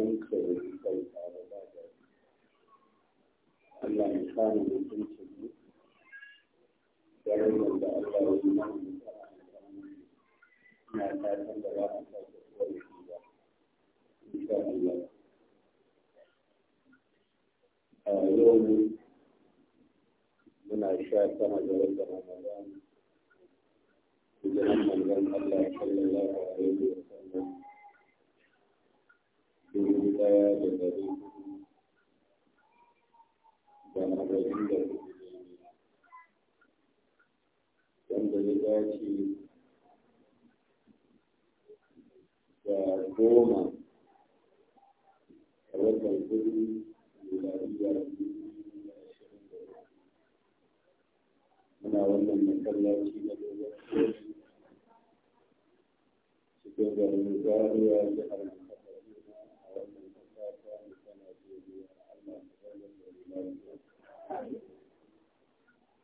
ayyuka da kyauta da ba da Allah ya kare mutuncin mu darajar da Allah ya yi mana na fatan da za a sake shi ba sha Allah a yau muna sha sama da wata Ramadan idan manzon Allah sallallahu alaihi wa dubu ɗaya da ɗari da da hudu wanda ya dace da goma a watan kudu miladiyar muna wannan masallaci na dogon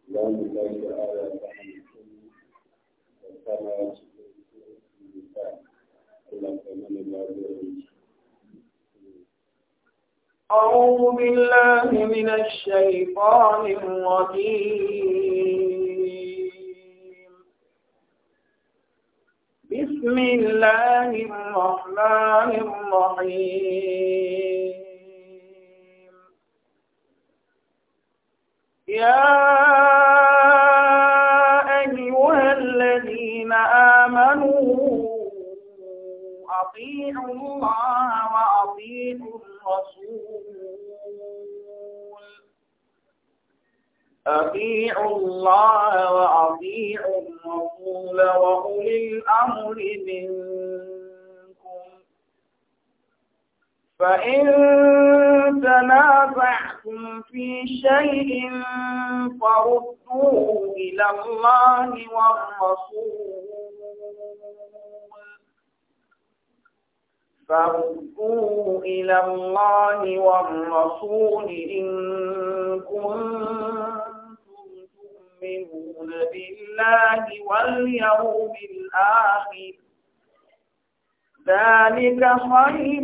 لأن الله تعالى وكما أعوذ بالله من الشيطان الرجيم بسم الله الرحمن الرحيم يا أيها الذين آمنوا أطيعوا الله وأطيعوا الرسول أطيعوا الله وأطيعوا الرسول وأولي الأمر منكم فإن تنازعتم في شيء فردوه إلى الله والرسول فردوه إلى الله والرسول إن كنتم تؤمنون بالله واليوم الآخر ذلك خير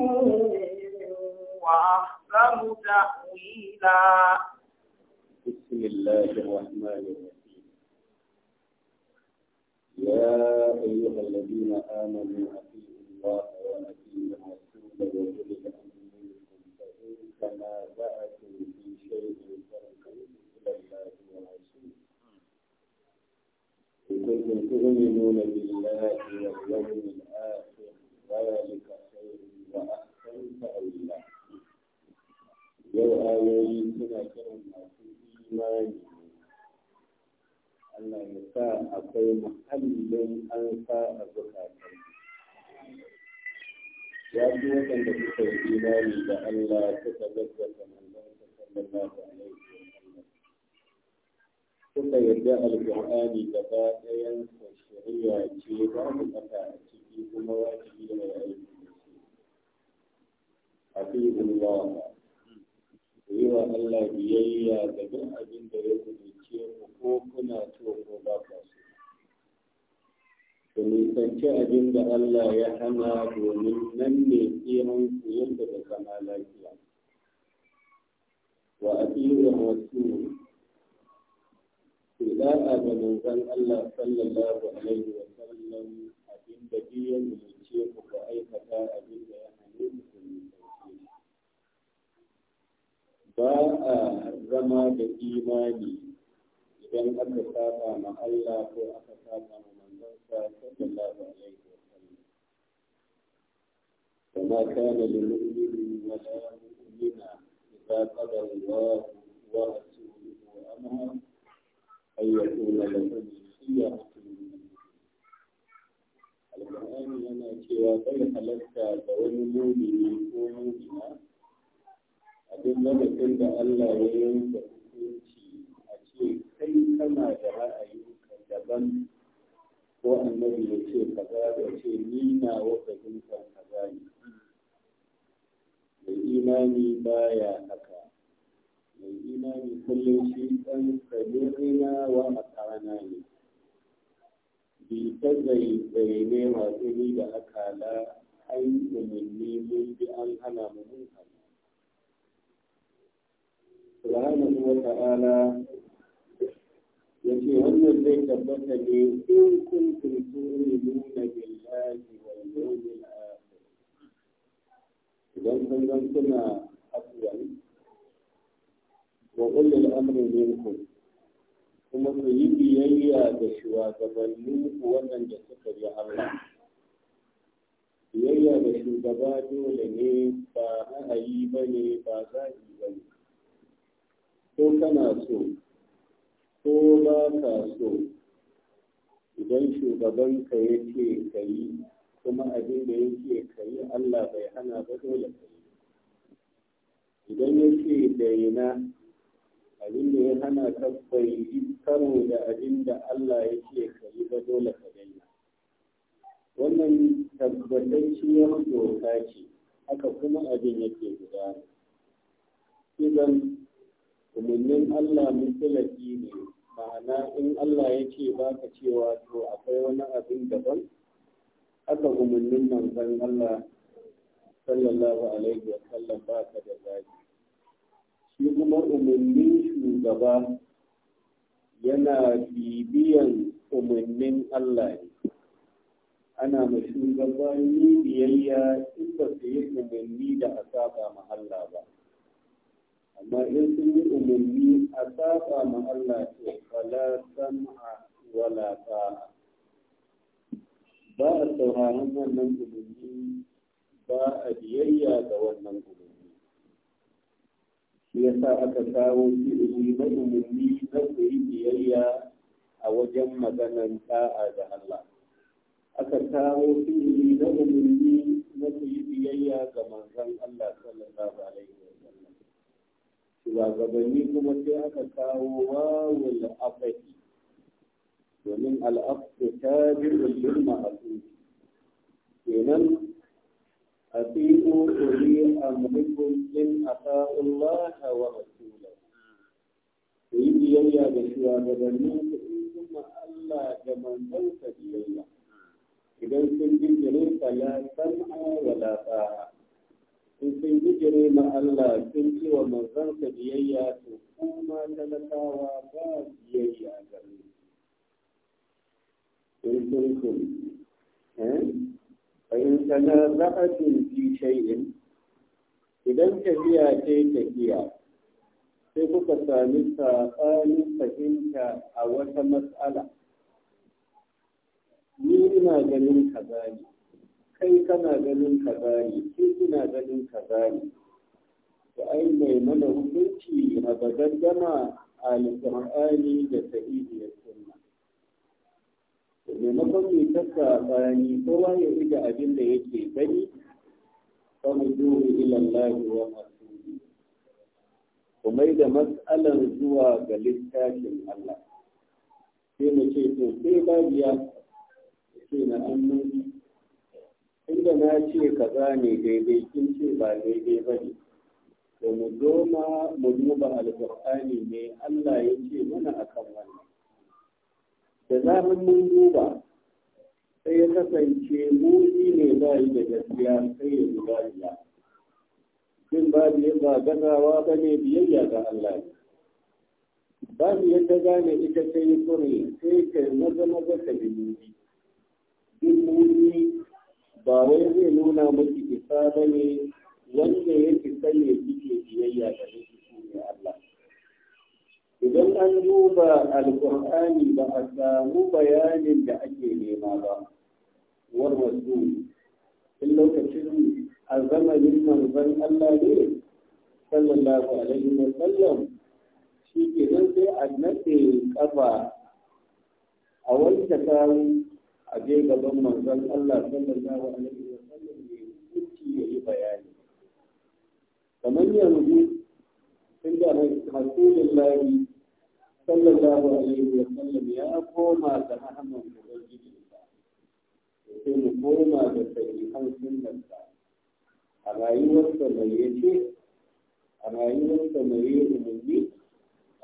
وأحسن تأويلا بسم الله الرحمن الرحيم يا أيها الذين آمنوا أطيعوا الله وأطيعوا الرسول وأولي الأمر منكم فإن تنازعتم في شيء فارجعوه إلى الله ورسوله إن كنتم تؤمنون بالله واليوم الآخر ذلك خير وأحسن تأويلا yau ayoyi suna kiran masu imani Allah ya sa akwai muhallin an sa a zukatan ya fi waɗanda suka yi imani da Allah suka gaggata manzon sa sallallahu alaihi wa sallam suka yarda alƙur'ani gaba ɗayan sa shari'a ce babu ƙasa a ciki kuma wajibi ne aiki da shi. Hafizu Allah yi wa Allah biyayya da duk abin da ya kuduce ku ko kuna so ko ba ka so. Ku nisanci abin da Allah ya hana domin nan ne tsiran ku yadda da kama lafiya. Wa a tsirin wasu ku za'a ga manzon Allah sallallahu alaihi wa sallam abin da biyan ku ku aikata abin da ya hane ba a zama da imani idan aka saba ma Allah ko aka saba ma manzon sa sallallahu alaihi wa sallam kama kana lil mu'minina wa lil mu'minina idza qadara Allah wa rasuluhu amara ay yakuna lahum siyatun al-qur'ani yana cewa kai halatta da wani mu'mini ko mu'mina a duk lokacin da Allah ya yanke hukunci a ce kai kana da ra'ayinka daban ko annabi ya ce kaza ya ce ni na wata jinka kaza ne mai imani baya haka mai imani kullum shi ɗan sabirina wa makarana ne bi ta zaizaye masu ni da akala an umarni mun bi an hana mu mun subhanahu wa ta'ala yace wannan zai tabbata ne in kuntum tu'minuna billahi wal yawmil akhir idan kun zan kuna afwan wa ulil amri minkum kuma ku yi biyayya da shugabannin waɗanda suka yi Allah biyayya da shugaba dole ne ba a yi ba ne ba za a yi ba ne ko kana so ko ba ka so idan shugabanka ya ce ka yi kuma abin da ya ce ka yi allah bai hana ba dole ka yi idan ya ce daina abin da ya hana ka bai yi karo da abin da allah ya ce ka yi ba dole ka daina wannan tabbatacciyar doka ce haka kuma abin yake gudana idan umarnin Allah mutulaki ne ma'ana in Allah ya ce ba ka cewa to akwai wani abin daban haka nan manzon Allah sallallahu alaihi wa sallam ba ka da zaki. shi kuma umarnin shugaba yana bibiyan umarnin Allah ne ana ma shugabanni biyayya in ba su yi umarni da a saba ma Allah ba amma in sun yi umarni a saba ma Allah to wala sam'a wala ta'a ba a sauraron wannan umarni ba a biyayya ga wannan umarni shi yasa aka kawo fi'ili na umarni na ku biyayya a wajen maganar ta'a da Allah aka kawo fi'ili na umarni na ku biyayya ga manzon Allah sallallahu alaihi Shuwagabanni kuma sai aka kawo wawul afaki domin al'afka ta birnin girma a tsoki kenan a tsiko tsori a a sa'un laha wa yi biyayya da shugabanni ta yi kuma allah da mandansa biyayya idan sun jirgin sa ya san a wadata in sun bijire ma Allah sun ce wa manzansa biyayya to kuma talakawa ba biyayya gare in sun kun eh? fa'in sana za'atun fi shay'in idan tafiya ce tafiya sai kuka sami saɓanin fahimta a wata matsala ni ina ganin kaza kai kana ganin ka ne ke kina ganin ka ne da ai mai mana hukunci a bagaddama alƙur'ani da sa'idiyar sunna da maimakon mai tasa bayani kowa ya da abin da yake gani fa mu duhu ilallahi wa rasuli ku mai da matsalar zuwa ga littafin Allah sai mu ce to sai babiya ce na annabi inda na ce kaza ne daidai kin ce ba daidai ba ne da mu ma mu duba alƙur'ani ne Allah ya ce mana akan wannan da mu mun duba sai ya kasance muni ne ba yi da gaskiya sai ya zuba ya jin babu ya ba gazawa ba ne biyayya ga Allah ne babu yadda gane ita ta yi kuri sai ka maza maza ka bi muni ba wai zai nuna miki isa ba ne wanda ya fi sanya kike biyayya da shi ne Allah. Idan an duba Alƙur'ani ba a samu bayanin da ake nema ba, warwar wasu in lokacin a zamanin manzon Allah ne, sallallahu alaihi wa sallam, shi ke nan sai a naɗe ƙafa a wani kawo a je gaban manzon Allah sallallahu alaihi wa sallam ya hukunci ya yi bayani kamar yanzu inda rasulullahi sallallahu alaihi wa sallam ya koma da rahman ubangiji sai mu koma da sahihan sunnarsa a rayuwarsa mai ya yace a rayuwarsa mai ya umarni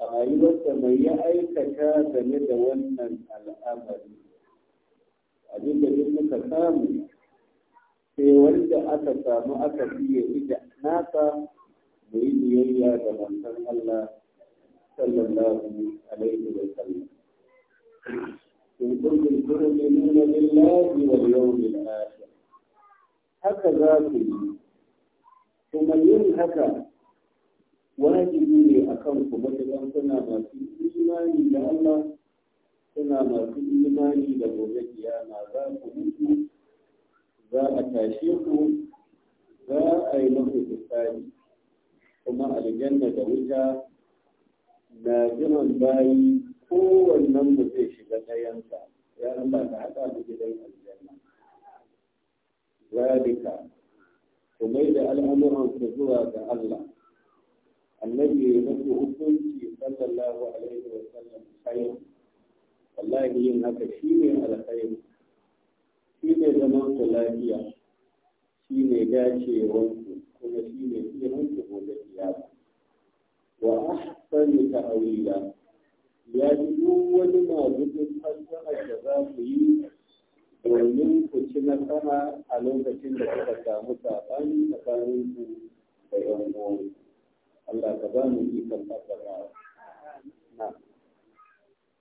a rayuwarsa mai ya aikata game da wannan al'ada samu sai wanda aka samu aka biye ida nasa da yi biyayya da manzon Allah sallallahu alaihi wa sallam in kuntum tu'minuna billahi wal yawmil akhir haka za ku yi kuma yin haka wajibi ne a kan ku matuƙan suna masu imani da Allah suna masu imani da gobe kiyama za ku mutu za a tashe ku za a yi mafi tsari kuma aljanna da wuta na jiran bayi kowannen mu zai shiga ɗayansa ya Allah ta haɗa mu gidan aljanna zalika ku mai da al'amuran ku zuwa ga Allah annabi ya muku hukunci sallallahu alaihi wa sallam khair wallahi yin haka shine alkhairi shi ne zaman ku lafiya shi ne dacewanku kuma shi ne tsiranku gobe kiyama wa ahsani ta'awila ya ji duk wani mazubin fassara da za ku yi domin ku ci nasara a lokacin da kuka samu saɓani tsakanin ku da yan uwanku Allah ka ba mu ikon fassara na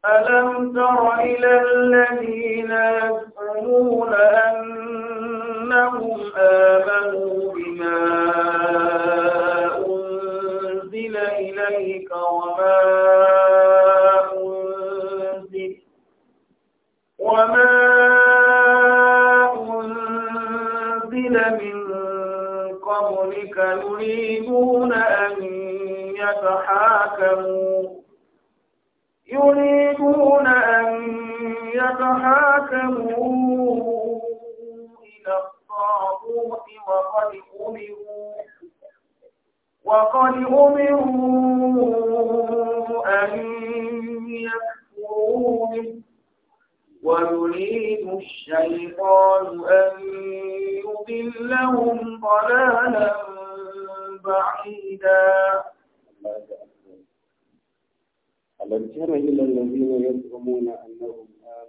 ألم تر إلى الذين يزعمون أنهم آمنوا بما أنزل إليك وما أنزل وما أنزل من قبلك يريدون أن يتحاكموا حاكموا إلى الطاغوت وقد أمروا وقد أمروا أن يكفروا به ويريد الشيطان أن يضلهم ضلالا بعيدا ألم تر إلى الذين يزعمون أنهم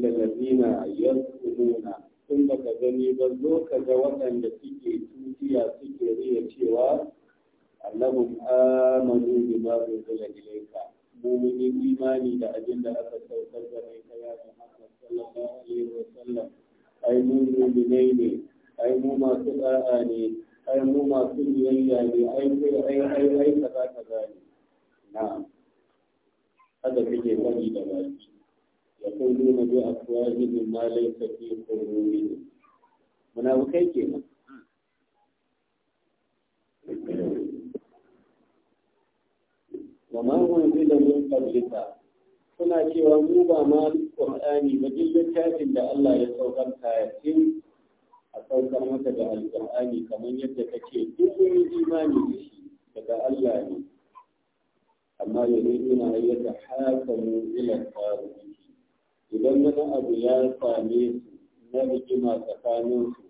illa ladina yadkhuluna in baka gani ba zo ka ga waɗanda suke tutiya suke riya cewa annahum amanu bima unzila ilayka mu'minin imani da abinda aka saukar da mai kaya Muhammad sallallahu alaihi wa sallam ai mu mu'minai ne ai mu masu da'a ne ai mu masu biyayya ne ai ai ai ai kaza kaza ne na'am haka kake faɗi da baki يقولون بأفواههم ما ليس في fi qulubihim munafikai kenan wa ma unzila suna cewa mu ba ma qur'ani ba duk littafin da Allah ya saukar kayatin a saukar maka da qurani kamar yadda kake duk wani imani da shi daga Allah ne amma yanzu ina ayyata haka mu ila idan wani abu ya same su na rigima tsakanin su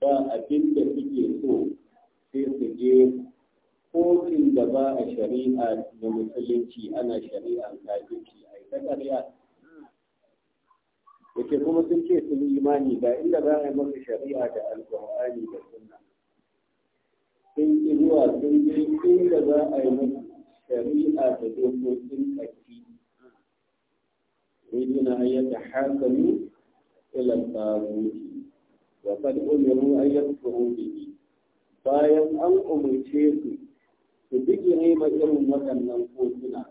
ba abin da suke so sai su je kotun da ba a shari'a da musulunci ana shari'ar kafirci a ita ƙarya ke kuma sun ce sun imani ga inda za a yi masa shari'a da alƙur'ani da sunna sun ki zuwa sun je inda za a yi masa shari'a da dokokin kai. يريدون أن يتحاكموا إلى الطاغوت وقد أمروا أن يكفروا به bayan an umarce su su bigire ma irin waɗannan kotuna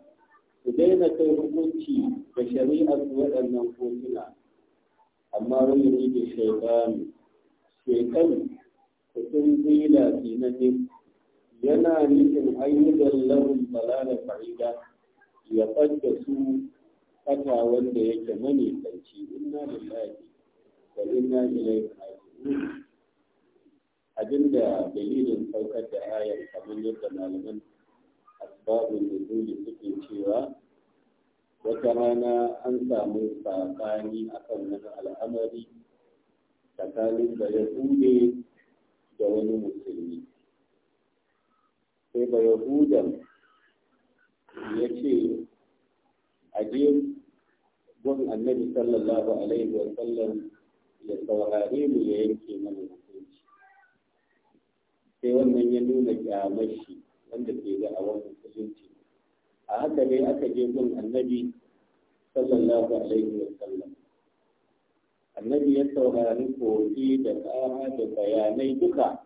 su daina kai hukunci da shari'ar waɗannan kotuna amma wani ne da shaitanu shaitan kutun zila sinani yana nufin ayyukan lahun balala fa'ida ya ɓadda su fata wanda yake manisanci inna lillahi da inna ilaihi raji'un abinda dalilin saukar da ayar kamar yadda malaman asbabun nuzuli suke cewa wata rana an samu saɓani akan wani al'amari tsakanin da ya hude da wani musulmi sai ba ya hudan ya ce a gefe. gun annabi sallallahu alaihi wa sallam ya saurare mu ya yanke mana hukunci sai wannan ya nuna kyamar shi wanda ke ga a wannan musulunci a haka dai aka je gun annabi sallallahu alaihi wa sallam annabi ya saurari kofi da ƙara da bayanai duka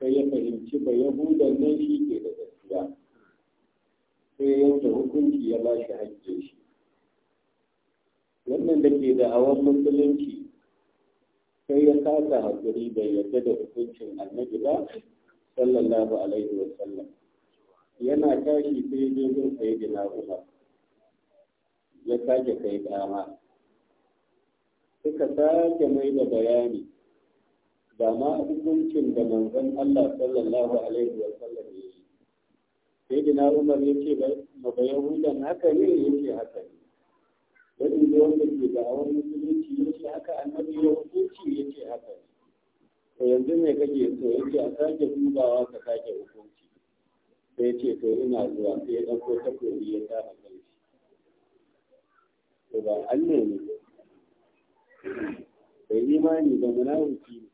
sai ya fahimci ba yahudan nan shi ke da gaskiya sai yanke hukunci ya ba shi hakkin shi wannan da ke da awon musulunci sai ya kasa hakuri bai yarda da hukuncin annabi ba sallallahu alaihi wa sallam yana tashi sai ya je sai da umar ya sake kai dama suka sake mai da bayani da ma hukuncin da manzon Allah sallallahu alaihi wa sallam ya yi sayyidina umar ya ce ba yahudan haka ne yake haka ne wanda ke da hawan musulunci ya ce haka annabi ya hukunci ya ce haka to yanzu me kake so ya ce a sake dubawa ka sake hukunci sai ce to ina zuwa sai ya ɗauko takobi ya sa a kan to ba Allah ne bai imani ba munafiki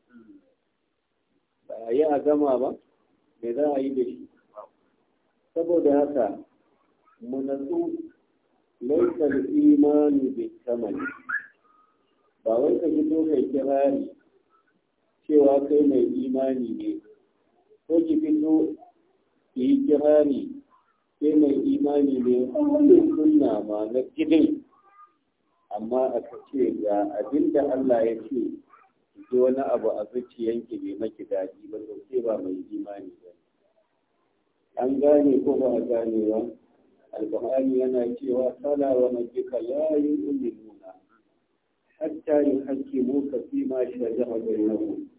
ba a yi a gama ba me za a yi da shi saboda haka mu natsu laisa imani bai kamal ba wai ka fito kai kirari cewa kai mai imani ne ko ki fito yi kirari kai mai imani ne wani sunna ma na gidai amma aka ce ga abinda Allah ya ce ki wani abu a zuciyanki bai maki daɗi ba sosai ba mai imani ba an gane ko ba a gane ba al alƙur'ani yana cewa sala wa majika la yu'minuna hatta yuhaqqimuka fi ma shajara bainahum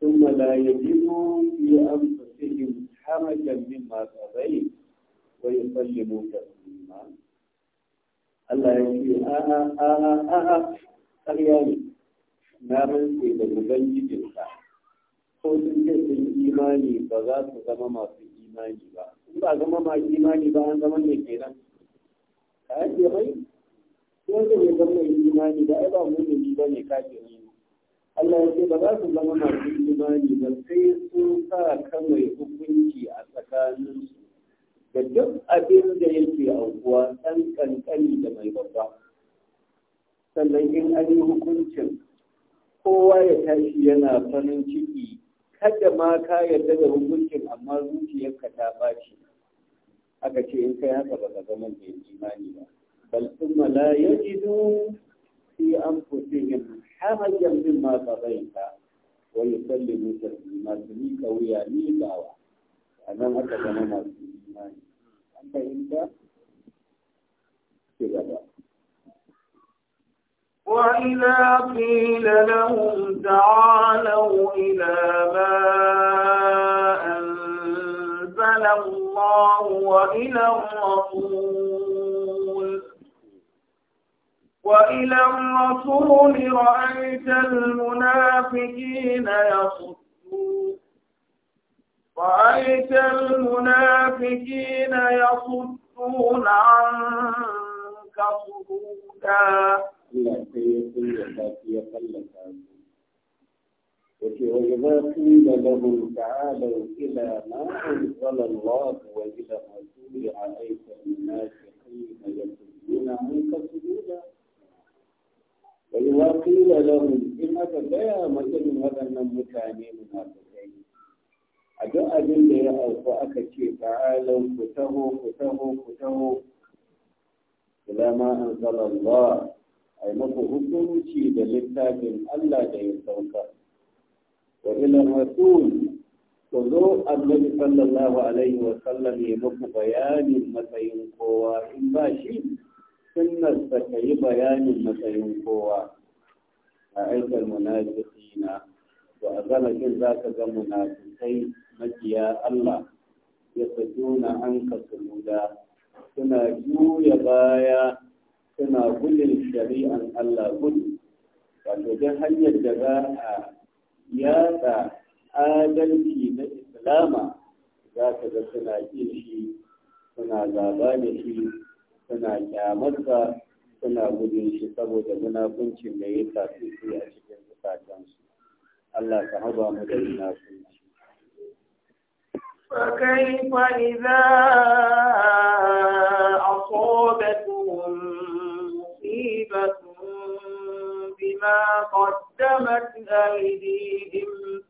thumma la yajidu fi anfusihim harajan mimma qadayt wa yusallimu taslima Allah ya ce a a a a a ƙarya ne na rantse da ubangijinka ko sun ce sun imani ba za su zama masu imani ba ba zama ma imani ba an zama mai kenan ka ake mai zai bai zama mai imani ba ai ba mumini ba ne ni Allah ya ce ba za su zama masu imani ba sai sun sa ka mai hukunci a tsakaninsu da duk abin da yake aukuwa ɗan ƙanƙani da mai babba sannan in an yi hukuncin kowa ya tashi yana farin ciki kada ma ka yarda da hukuncin amma zuciyarka ta ɓaci aka ce in kai haka ba ka zama mai imani ba bal kuma la yajidu fi anfusihim harajan mimma qadaita wa yusallimu taslima ni kawiya ni gawa anan aka zama masu imani an fahimta ci gaba وإذا قيل لهم تعالوا إلى ما أن إلى الله وإلى الرسول وإلى الرسول رأيت المنافقين يصدون رأيت المنافقين يصدون عنك صدودا. وإذا قيل لهم تعالوا إلى ما أنزل الله وإلى ما شرع عليك حين يصدون عنك صدودا وإذا قيل لهم إن هذا لا مثل هذا المتاني منافقين a duk abin da ya auku aka ce ta'alau ku taho ku taho ku taho ila ma anzala Allah ai wa ila rasul ku zo annabi sallallahu alaihi wa sallam ya muku bayanin matsayin kowa in ba shi sunnar ta yi bayanin matsayin kowa a aikar munafiqina to a zamanin za ka ga munafikai makiya Allah ya fituna an ka suna juya baya suna gudun shari'an Allah gudu wato dan hanyar da za a yatsa adalci na islama za ka ga suna ƙin shi suna gaba da shi suna kyamarsa suna gudun shi saboda munafuncin da ya su a cikin zukatansu Allah ka haba mu da munafunci فكيف إذا قدمت أيديهم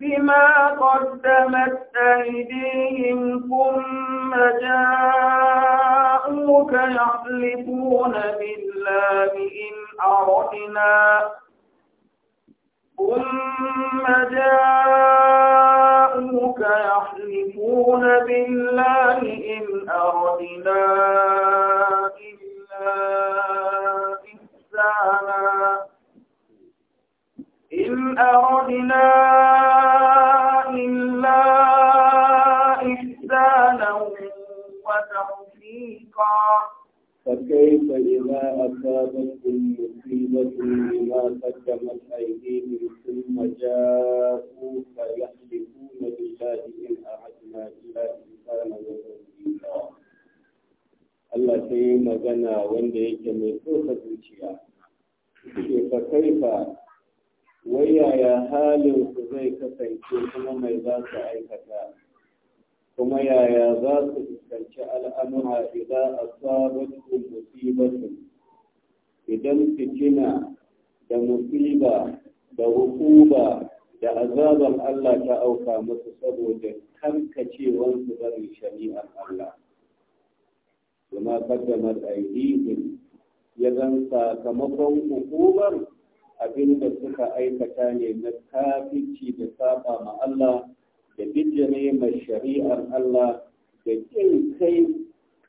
بما قدمت أيديهم ثم جاءوك يحلفون بالله إن أردنا ثم جاءوك يحلفون بالله إن أردنا إلا إحسانا إن أردنا إلا إحسانا وتوفيقا فكيف إذا أصابتكم مصيبة بما قدمت أيديهم ثم جاءوك يحلفون بالله إن أردنا إلا إحسانا وتوفيقا Allah sai magana wanda yake mai tsoka zuciya. Ke fa wai yaya halin ku zai kasance kuma mai za su aikata kuma yaya za su fuskanci al'amura idan a asabatu musibatu idan fitina da musiba da hukuba da azabar Allah ta auka musu saboda karkacewansu barin shari'ar Allah. Kuma kaddamar aidihim ya zan sakamakon hukumar abin da suka aikata ne na kafici da saba ma Allah da bijire mai shari'ar Allah da kin kai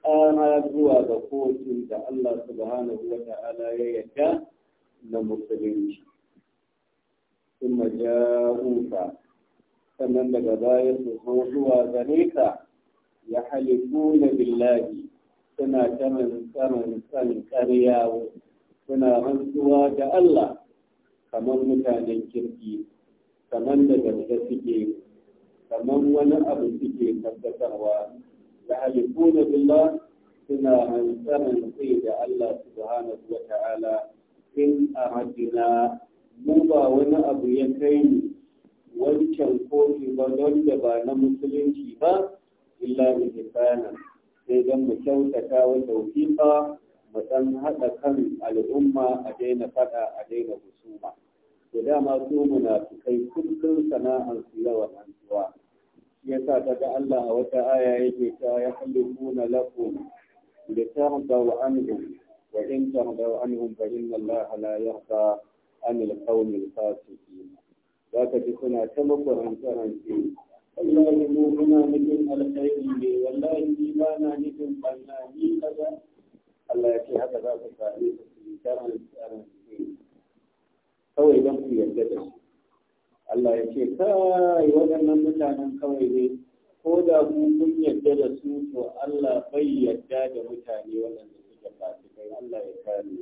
kara zuwa ga kotun da Allah subhanahu wa ta'ala ya yarda na musulunci. Kuma ja'uka sannan daga baya su zo zuwa gare ka ya halifu na billahi suna ta rantsan ƙarya suna rantsuwa da Allah kamar mutanen kirki kamar da gaske suke kamar wani abu suke tabbatarwa da halifuna billah suna hansaran sai da Allah subhanahu wa ta'ala in aradina mu ba wani abu ya kai ni wancan kofi ba don da ba na musulunci ba illa muke hisana sai don mu kyautata wa ba, mu san haɗa kan al'umma a daina faɗa a daina husuma to dama su munafikai kullum sana'ar su yawan rantsuwa yasa daga Allah a wata aya yake ta ya halifuna lakum litardaw anhum wa in tardaw anhum fa inna Allah la yarda an al-qawm al-fasiqin ka ji suna ta muku rantsuwa wallahi mu muna nufin alkhairi ne wallahi ni ba na nufin banna ni kaza Allah ya ce haka za ku sami su yi ta rantsuwa kawai don ku yarda da su Allah ya ce kai waɗannan mutanen kawai ne ko da ku kun yarda da su to Allah bai yarda da mutane waɗanda suke kai Allah ya kare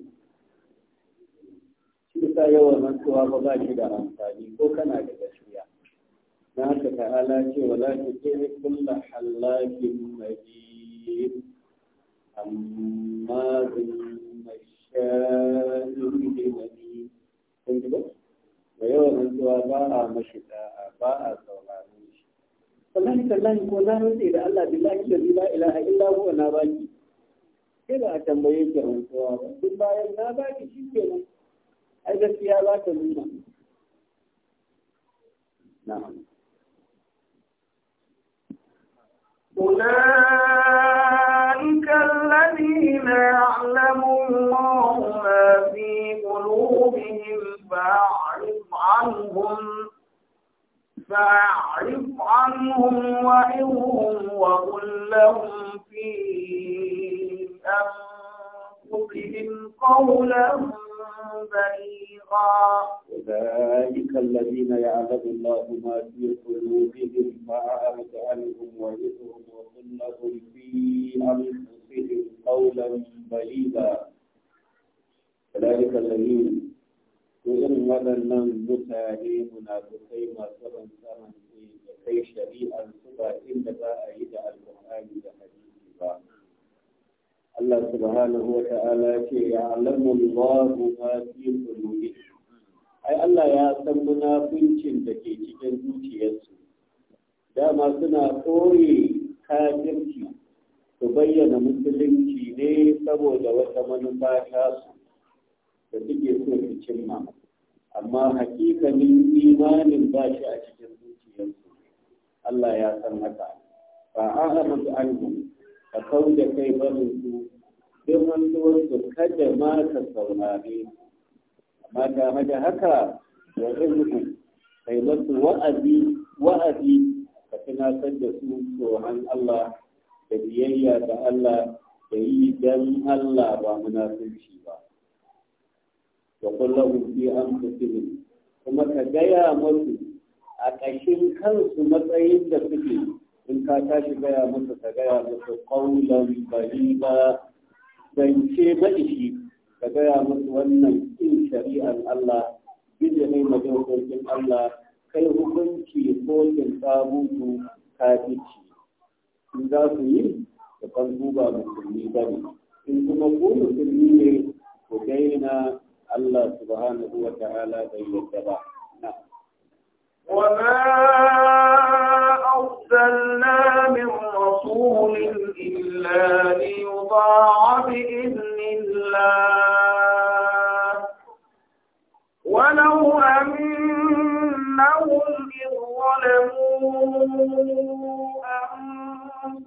shi sa yawan rantsuwa ba ba shi da amfani ko kana da gaskiya na haka ta'ala ce wala tuti kulla halakin majid amma bin mashayin majid kun ji ba da yawan rantsuwa ba a mashi da'a ba a sauraron shi wallahi tallahi ko na rantsi da Allah billahi da la ilaha illa huwa na baki sai ba a tambaye ki rantsuwa ba duk bayan na baki shi kenan ai gaskiya ba ta nuna na'am أولئك الذين يعلمون عنهم فأعرف عنهم وعظهم وقل لهم في أنفسهم قولا بليغا أولئك الذين يعلم الله ما في قلوبهم فأعرف عنهم وعظهم وقل لهم في أنفسهم قولا بليغا أولئك الذين to irin waɗannan mutane munafukai masu rantsaran da kai shari'ar su ba inda za a yi da alƙur'ani da hadisi ba Allah subhanahu wa ta'ala ce ya alamu Allahu ma fi qulubi ai Allah ya san munafincin da ke cikin zuciyarsu dama suna tsore kafirci su bayyana musulunci ne saboda wata manufa ta su da suke so su cimma amma hakikanin imanin ba shi a cikin zuciyarsu Allah ya san haka fa da anhum ka da kai barin su duk hannuwarsu kada ma ka saurare amma game da haka wa ilmu kai masu wa'azi wa'azi ka tunatar da su tsoron Allah da biyayya ga Allah da yi don Allah ba munafunci ba wa kullahu fi anfusihim kuma ka gaya musu a ƙashin kansu matsayin da suke in ka tashi gaya musu ka gaya musu ƙaunar bari ba zance maishi ka gaya musu wannan in shari'ar Allah gije mai majalokokin Allah kai hukunci kokin ka kafici in za su yi da kan duba musulmi ba ne in kuma ku musulmi ne ku daina الله سبحانه وتعالى بين نعم. bai وما أرسلنا من رسول إلا ليطاع بإذن الله ولو أنهم إذ ظلموا أنفسهم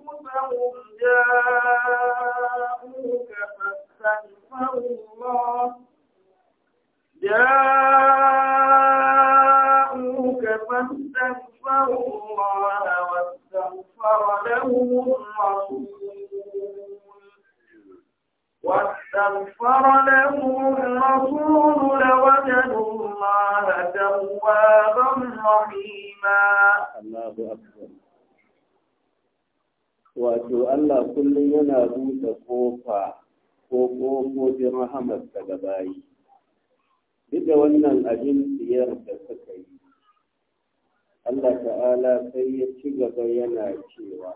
جاءوك فاستغفروا الله جاءوك فاستغفروا الله واستغفر لهم الرسول واستغفر لهم الرسول لوجدوا الله توابا رحيما الله أكبر wato Allah kullum yana buɗe kofa ko ƙofofin rahamarsa ga bayi duk da wannan abin siyar da suka yi Allah ta'ala sai ya ci gaba yana cewa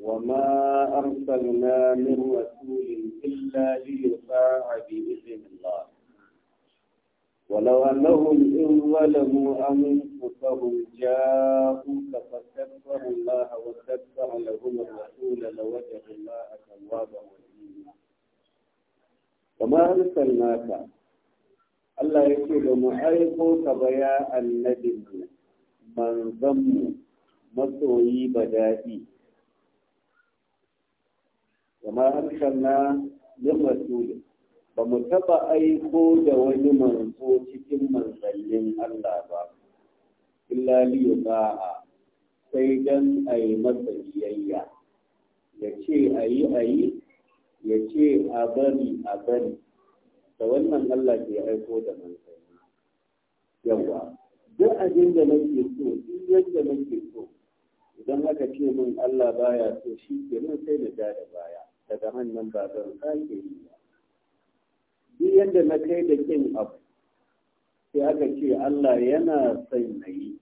وما أرسلنا من رسول إلا ليطاع بإذن الله ولو أنهم إن ظلموا أنفسهم جاءوك فاستغفروا الله واستغفر لهم الرسول لوجدوا الله توابا رحيما وما أرسلناك Allah ya ce ba mu aiko ka baya annabin manzanmu masoyi ba daɗi kamar harshen na yin ba mu taɓa aiko da wani manzo cikin manzannin Allah ba illa liyu a sai don a yi masa biyayya ya ce a yi a ya ce a bari a bari da wannan Allah ke aiko da manzanni yawa duk abin da nake so duk yadda nake so idan aka ce min Allah baya so shi ke nan sai na ja da baya daga hannun ba zan sake yi ba duk na kai da kin abu sai aka ce Allah yana son na yi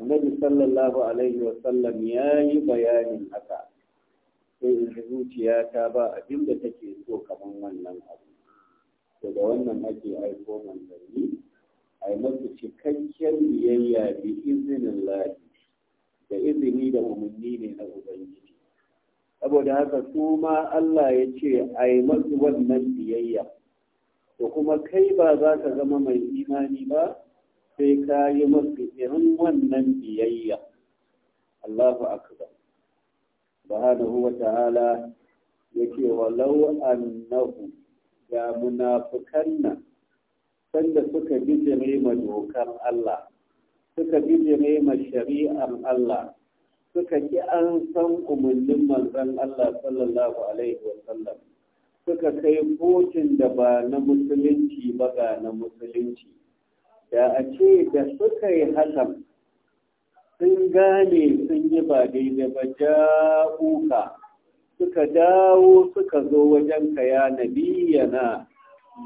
annabi sallallahu alaihi sallam ya yi bayanin haka sai in zuciya ta ba abin da take so kamar wannan abu daga wannan ake aiko manzanni a yi masu cikakken biyayya bi izinin lahi da izini da umarni ne na ubangiji saboda haka su ma Allah ya ce a yi masu wannan biyayya to kuma kai ba za ka zama mai imani ba sai ka yi masu irin wannan biyayya Allahu akbar subhanahu wa ta'ala yake walau annahu ga munafukan nan sanda suka bijire ma dokar Allah suka bijire ma shari'ar Allah suka ki an san umarnin manzon Allah sallallahu alaihi wa sallam suka kai kotun da ba na musulunci ba ga na musulunci da a ce da suka yi hakan sun gane sun yi ba daidai ba ja'uka suka dawo suka zo wajenka ya nabiyana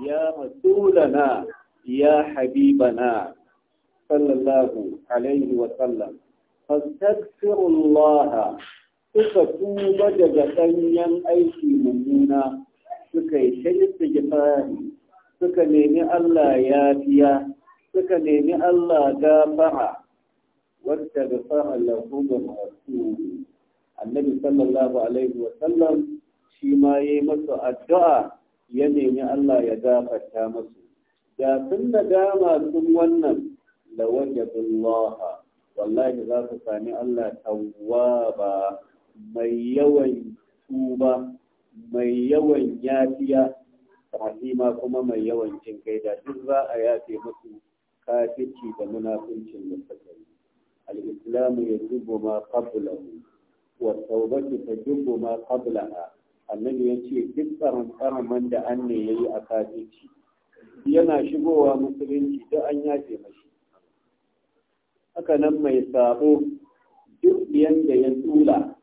ya masulana ya habibana sallallahu alaihi wasallam fastaghfirullah suka tuba daga ɗanyen aiki mummuna suka yi shaitagifari suka nemi Allah yafiya suka nemi Allah gafara wadda gafara lahum wasu. annabi sallallahu alaihi wa shi ma yi masu addu'a ya nemi Allah ya gafarta masu da sun nadama sun wannan da wajadullaha wallahi za su sami Allah ba mai yawan tuba mai yawan yafiya rahima kuma mai yawan cin kai da duk za a yafe musu kafici da munafincin da suka yi al-islamu yajibu ma qablahu wa taubatu tajibbu ma qablaha annabi ya ce duk tsaron tsaraman da an ne yi a kafici yana shigowa musulunci da an yafe mashi haka nan mai sabo duk da ya tsula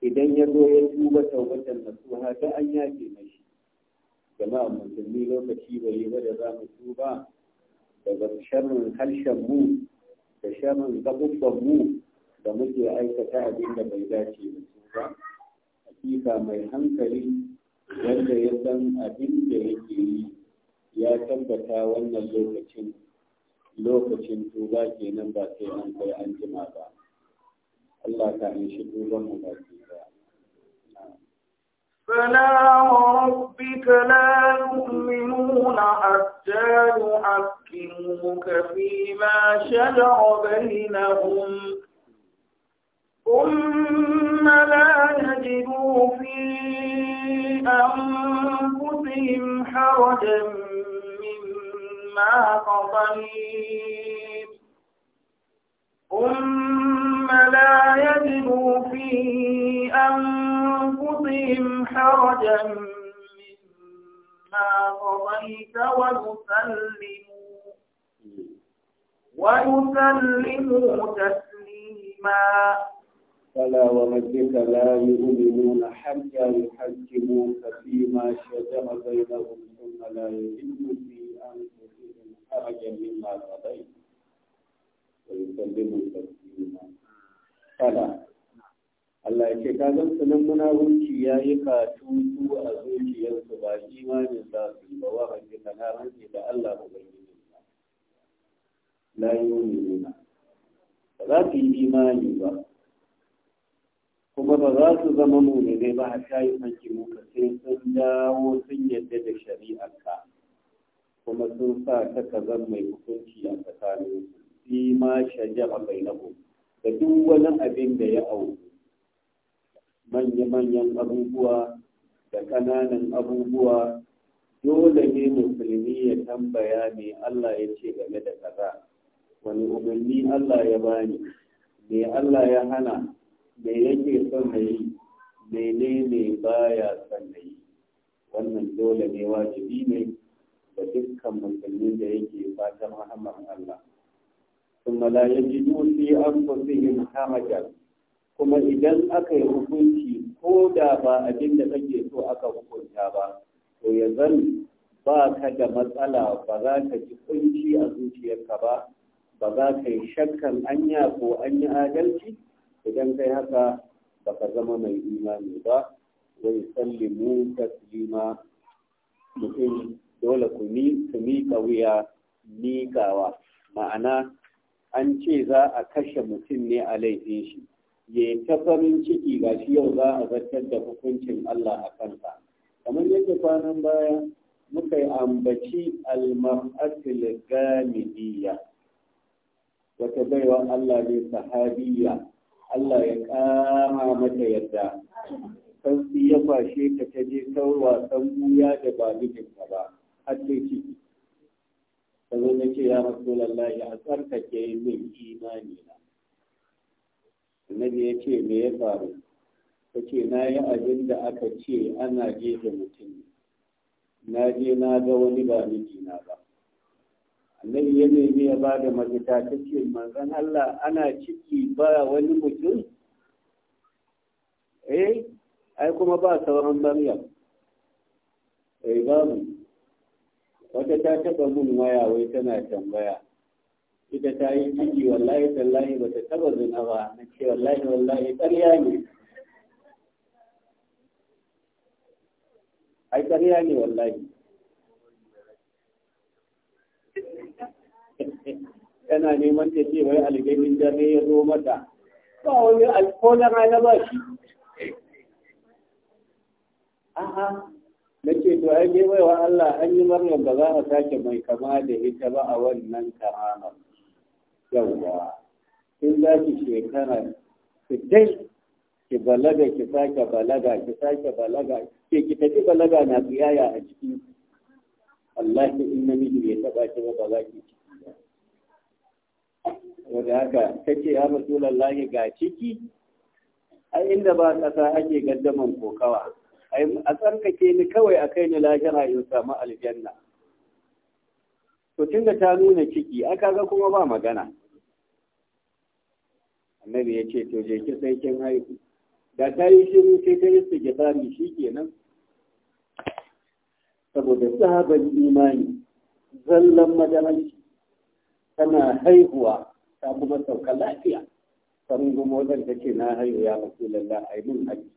idan ya zo ya tuba taubatan nasuha da an yafe mashi jama'a musulmi lokaci bai yi ba da za mu tuba daga sharrin harshen mu da sharrin gaɓuɓɓan mu da muke aikata abin da bai dace da su ba hakika mai hankali wanda ya san abin da yake yi ya tabbata wannan lokacin lokacin tuba kenan ba sai an kai an jima ba Allah ka yi shi tuban mu baki ba فلا ربك لا يؤمنون حتى يحكموك فيما شجر بينهم ثم لا يجدوا في أنفسهم حرجا مما قضيت ثم لا يجدوا في أنفسهم حرجا مما قضيت ويسلموا ويسلموا تسليما فلا وربك لا يؤمنون حتى يحكموك فيما شجر بينهم ثم لا يجدوا في انفسهم حرجا مما قضيت ويسلموا تسليما فلا Allah ya ce ka zan sanin munawunci ya yi katutu a zuciyarsu ba imanin za su yi ba wa hanci ka na da Allah ba bai yi la yi wani nuna ba za su yi imani ba kuma ba za su zama muminai ba a shayi hanki muka sai sun dawo sun yadda da shari'arka kuma sun sa ta mai hukunci a tsakanin su ma shajara bai nahu da duk wani abin da ya auku manya-manyan abubuwa da ƙananan abubuwa dole ne musulmi ya tambaya me Allah ya ce game da kaza wani umarni Allah ya bani me Allah ya hana me yake son na yi menene baya son na yi wannan dole ne wajibi ne da dukkan musulmi da yake fatan rahamar Allah kuma la yajidu fi yin harajan kuma idan aka yi hukunci ko da ba abin da kake so aka hukunta ba to ya zan ba ka da matsala ba za ka ji kunci a zuciyarka ba ba za ka yi shakkan anya ko an adalci idan kai haka baka zama mai imani ba zai wai sallimu taslima mutum dole ku ni su miƙa wuya miƙawa ma'ana an ce za a kashe mutum ne a laifin shi ya ta farin ciki ga shi yau za a zartar da hukuncin Allah a kansa kamar yadda kwanan baya muka yi ambaci almar'atul gamidiyya wata baiwa Allah ne sahariya. Allah ya kama mata yadda sarki ya kwashe ta ta je wasan wuya da ba mijinta ba har sai ciki ta zo na ce ya rasulallahi a ke min imani na ya ce me ya faru ta ce na yi abin da aka ce ana da mutum na je na ga wani ba mijina ba annabi ya nemi ya ba da mafita ta ce manzan Allah ana ciki ba wani mutum eh ai kuma ba sauran maryam eh mu. wata ta taba mun waya wai tana tambaya ita ta yi ciki wallahi tallahi ba ta taba zina ba na ce wallahi wallahi ƙarya ne ai ƙarya ne wallahi Yana neman ta ce bai algaimin dare ya zo mata ba wani alkolon na ba shi aha na ce to ai dai baiwa Allah an yi maryam ba za a sake mai kama da ita ba a wannan karamar yawwa in za ki shekara ki dai ki balaga ki sake balaga ki sake balaga ke ki tafi balaga na tsiyaya a jiki Allah ki in namiji bai taba ki ba ba za ki ci wadda haka ta ce ya rasulallahi ga ciki a inda ba ƙasa ake gaddaman kokawa a tsarkake ni kawai a kai ni lahira in samu aljanna to tunda ta nuna ciki aka ga kuma ba magana annabi ya ce to je ki sai kin haihu da ta yi shiru sai ta yi sigitari shi kenan saboda sahaban imani zallan madaranci tana haihuwa ta kuma sauka lafiya ta rungumo zan ta ce na haihu ya rasu lalla a yi min haji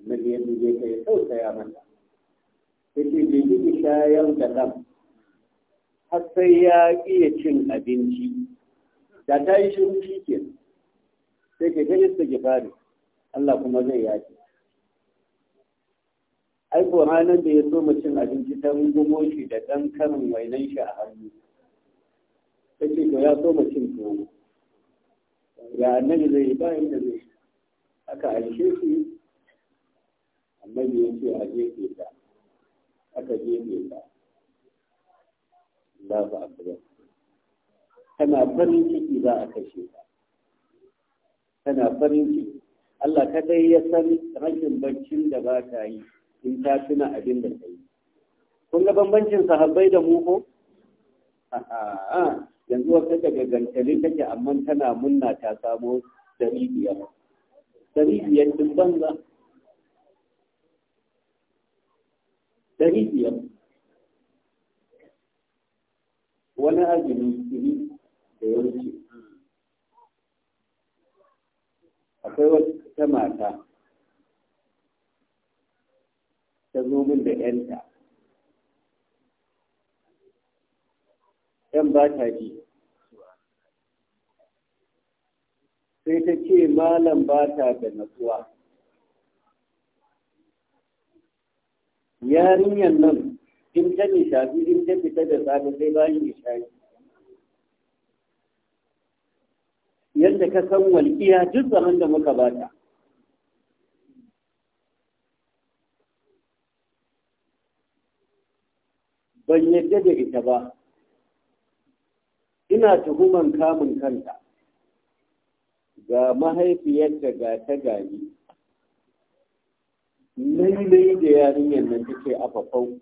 annabi ya duje ta ya tausaya mata ta ce bai yi shayar da ɗan har sai ya iya cin abinci da ta yi shiru sai ka gani su ta fari Allah kuma zai yaki ai ranar da ya so cin abinci ta rungumoshi shi da ɗan karin wainan shi a hannu sai ce ya so mutum to ya annabi zai yi ba inda zai aka aishe shi annabi ya ce a jefe ta aka jefe ta za su abuwa tana farin ciki za a kashe ta tana farin ciki Allah dai ya san rashin baccin da ba ta yi in ta tuna abin da ta yi kun ga bambancin sahabbai da mu ko yanzu wata daga gantali take amma tana munna ta samo dari biyar dari biyar din banza dari biyar wani azumi ne da yanki. akwai wata mata ta zo min da 'yanta ɗan ba ta ji sai ta ce malam ba ta da natsuwa yarinyar nan in ta nishafi in ta fita da sami sai bayan nishafi yadda ka san walƙiya duk zaman da muka ba ta. ban yadda da ita ba tana tuhuman kamun kanta ga mahaifiyarta ga ta gani nai da yarinyar nan take afafau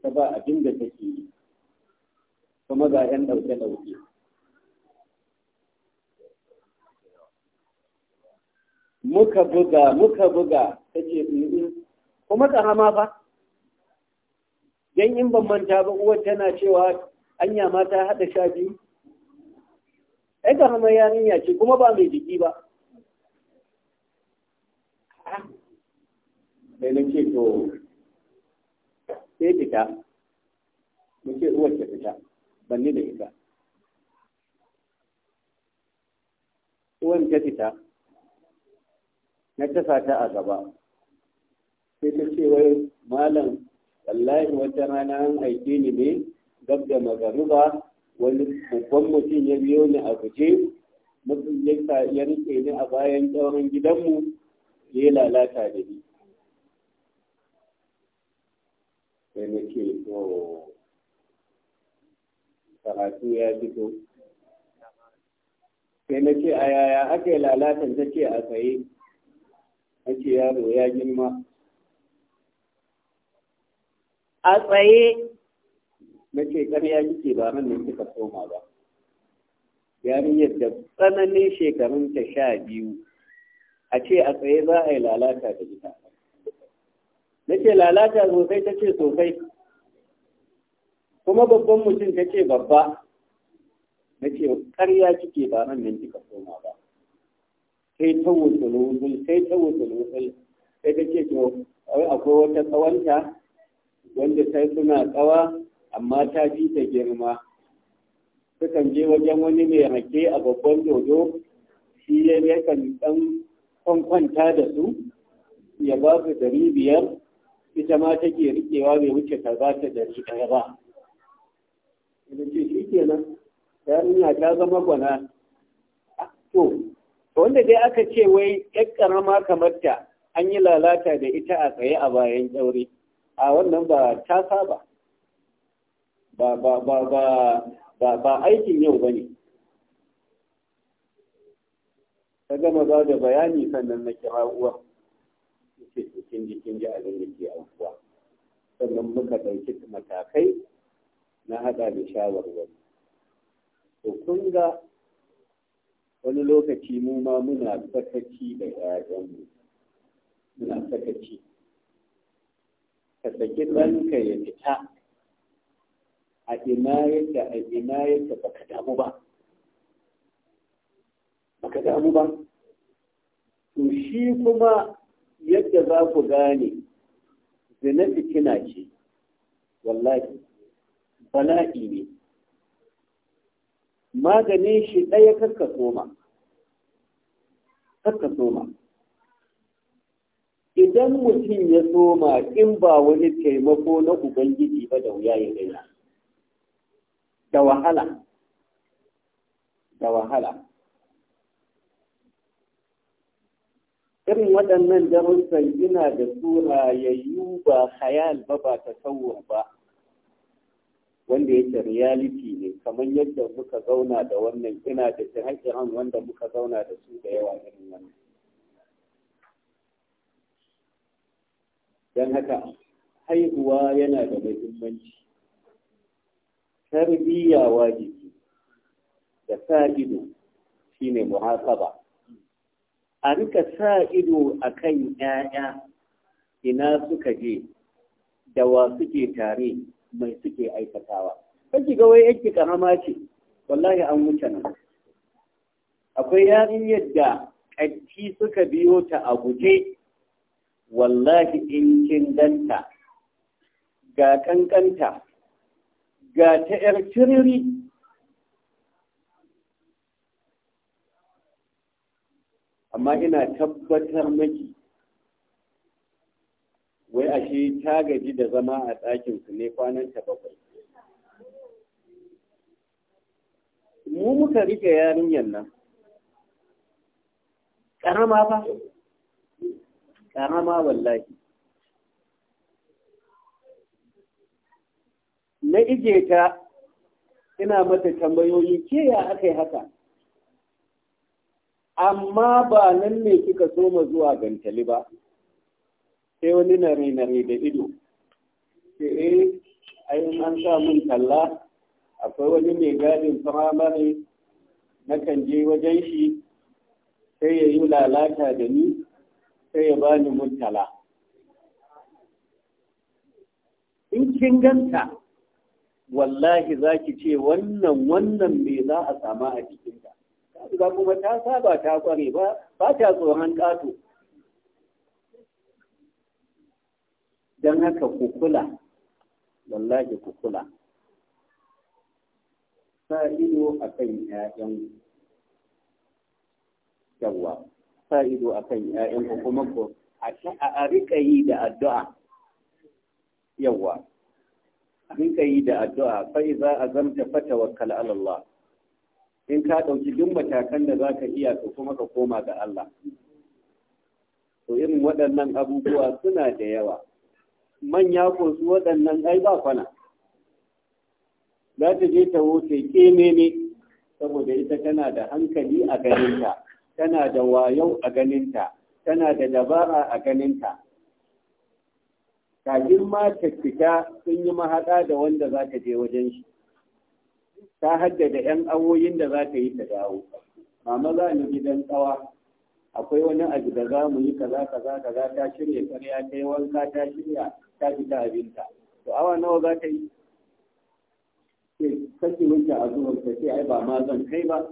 ta ba abin da take yi kuma ga 'yan ɗauke-ɗauke muka buga muka buga ta ce kuma tsarama ba don in ban manta ba uwar tana cewa anya mata ta haɗa sha ya karamar yarinya ce kuma ba mai jiki ba sai na ce to sai fita na ce uwar ta fita ban ni da ita uwan ta fita na sa ta a gaba sai ta ce wai malam wallahi wata rana an aike ni ne gab da magaruba wani babban mutum ya biyo ni a guje mutum ya rike ni a bayan tsawon gidanmu ya lalata da ni sai na ce to karatu ya fito sai na ce a yaya aka yi lalatan ta ce a tsaye ake ce yaro ya girma a tsaye na ce ƙarya kike ba nan ne kika soma ba yarinyar da tsananin ta sha biyu a ce a tsaye za a yi lalata da ita na ce lalata sosai ta ce sosai kuma babban mutum ta ce babba na ce ƙarya kike ba nan nan kika soma ba sai ta wutsulutsul sai ta wutsulutsul sai ta ce to akwai wata tsawonta wanda sai suna tsawa amma ta fi ta girma sukan je wajen wani mai rake a babban dodo shi ya kan dan kwankwanta da su ya ba su dari biyar ita ma take rikewa mai wuce ta za ta dari ɗaya ba ina ce shi kenan yarinya ta zama gwana ah, to wanda dai aka ce wai yan karama kamar ta an yi lalata da ita a tsaye a bayan kyaure a wannan ba ta saba ba ba ba ba ba aikin yau bane ta gama ba da bayani sannan na kira uwa ce cikin jikin ji abin da ke aukuwa sannan muka ɗauki matakai na haɗa da shawarwari to kun ga wani lokaci mu ma muna sakaci da ƴaƴanmu muna sakaci ka saki ɗanka ya fita a ina yadda a ina yadda baka damu ba baka damu ba to shi kuma yadda za ku gane zina fitina ce wallahi bala'i ne maganin shi ɗaya kakka soma kakka soma idan mutum ya soma in ba wani taimako na ubangiji ba da wuya ya gaina. da wahala da wahala irin waɗannan darussan yana da yi ba hayal ba ba tasawur ba wanda yake reality ne kamar yadda muka zauna da wannan ina da jira'iran wanda muka zauna da su da yawa irin wannan don haka haihuwa yana da muhimmanci tarbiyya wajibi da sa ido shine muhasaba a rika sa ido a kan 'ya'ya ina suka je da wa suke tare mai suke aikatawa kaji ga wai yake karama ce wallahi an wuce nan akwai yarinyar yadda ƙarfi suka biyo ta a guje wallahi in kin danta ga kankanta ga ta ‘yar ciriri amma ina tabbatar maki wai ashe ta gaji da zama a ɗakinsu ne kwanan ta bakwai mu muka rike yarinyar nan ƙarama ba ƙarama wallahi na ije ta ina mata tambayoyi ke ya aka yi haka amma ba nan ne kika soma zuwa gantali ba sai wani nare-nare da ido ke eh ayin an sa mun talla akwai wani mai gadin firamare na kanje wajen shi sai ya yi lalata da ni sai ya bani muntala in kin ganta wallahi za ki ce wannan wannan me za a sama a cikinta ga kuma ta saba ta kware ba ba ta tsoron ƙato don haka ku wallahi ku sa ido a kan ‘ya'yan yawa sa ido a kan ‘ya'yan ku kuma a riƙa yi da addu'a yawa rinka yi da addu'a fai za a zanta fata wakal Allah in ka ɗauki duk matakan da za ka iya ka kuma ka koma ga Allah to irin waɗannan abubuwa suna da yawa manya ko su waɗannan ai ba kwana za ta je ta wuce keme ne saboda ita tana da hankali a ganinta tana da wayo a ganinta tana da dabara a ganinta Kajin ma ta fita sun yi mahaɗa da wanda za ka je wajen shi ta haddada 'yan awoyin da za ta yi ta dawo mama za ni gidan tsawa akwai wani abu da za mu yi kaza kaza kaza ta shirya karya ta yi wanka ta shirya ta fita abinta to awa nawa za ta yi kashi wanke a zuwan ta ce ai ba ma zan kai ba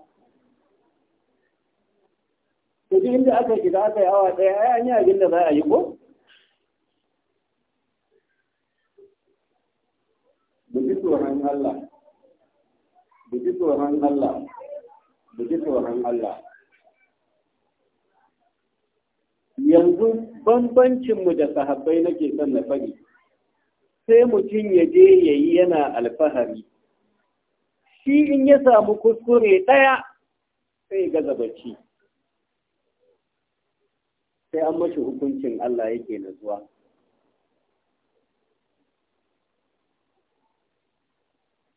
to duk inda aka shiga aka yi awa ɗaya ai an yi abin da za a yi ko buji tsoron Allah buji tsoron Allah buji tsoron Allah yanzu bambancinmu da sahabbai nake son na fari sai mutum ya je ya yi yana alfahari shi in ya samu kuskure ɗaya sai gaza bacci sai an mashi hukuncin Allah yake na zuwa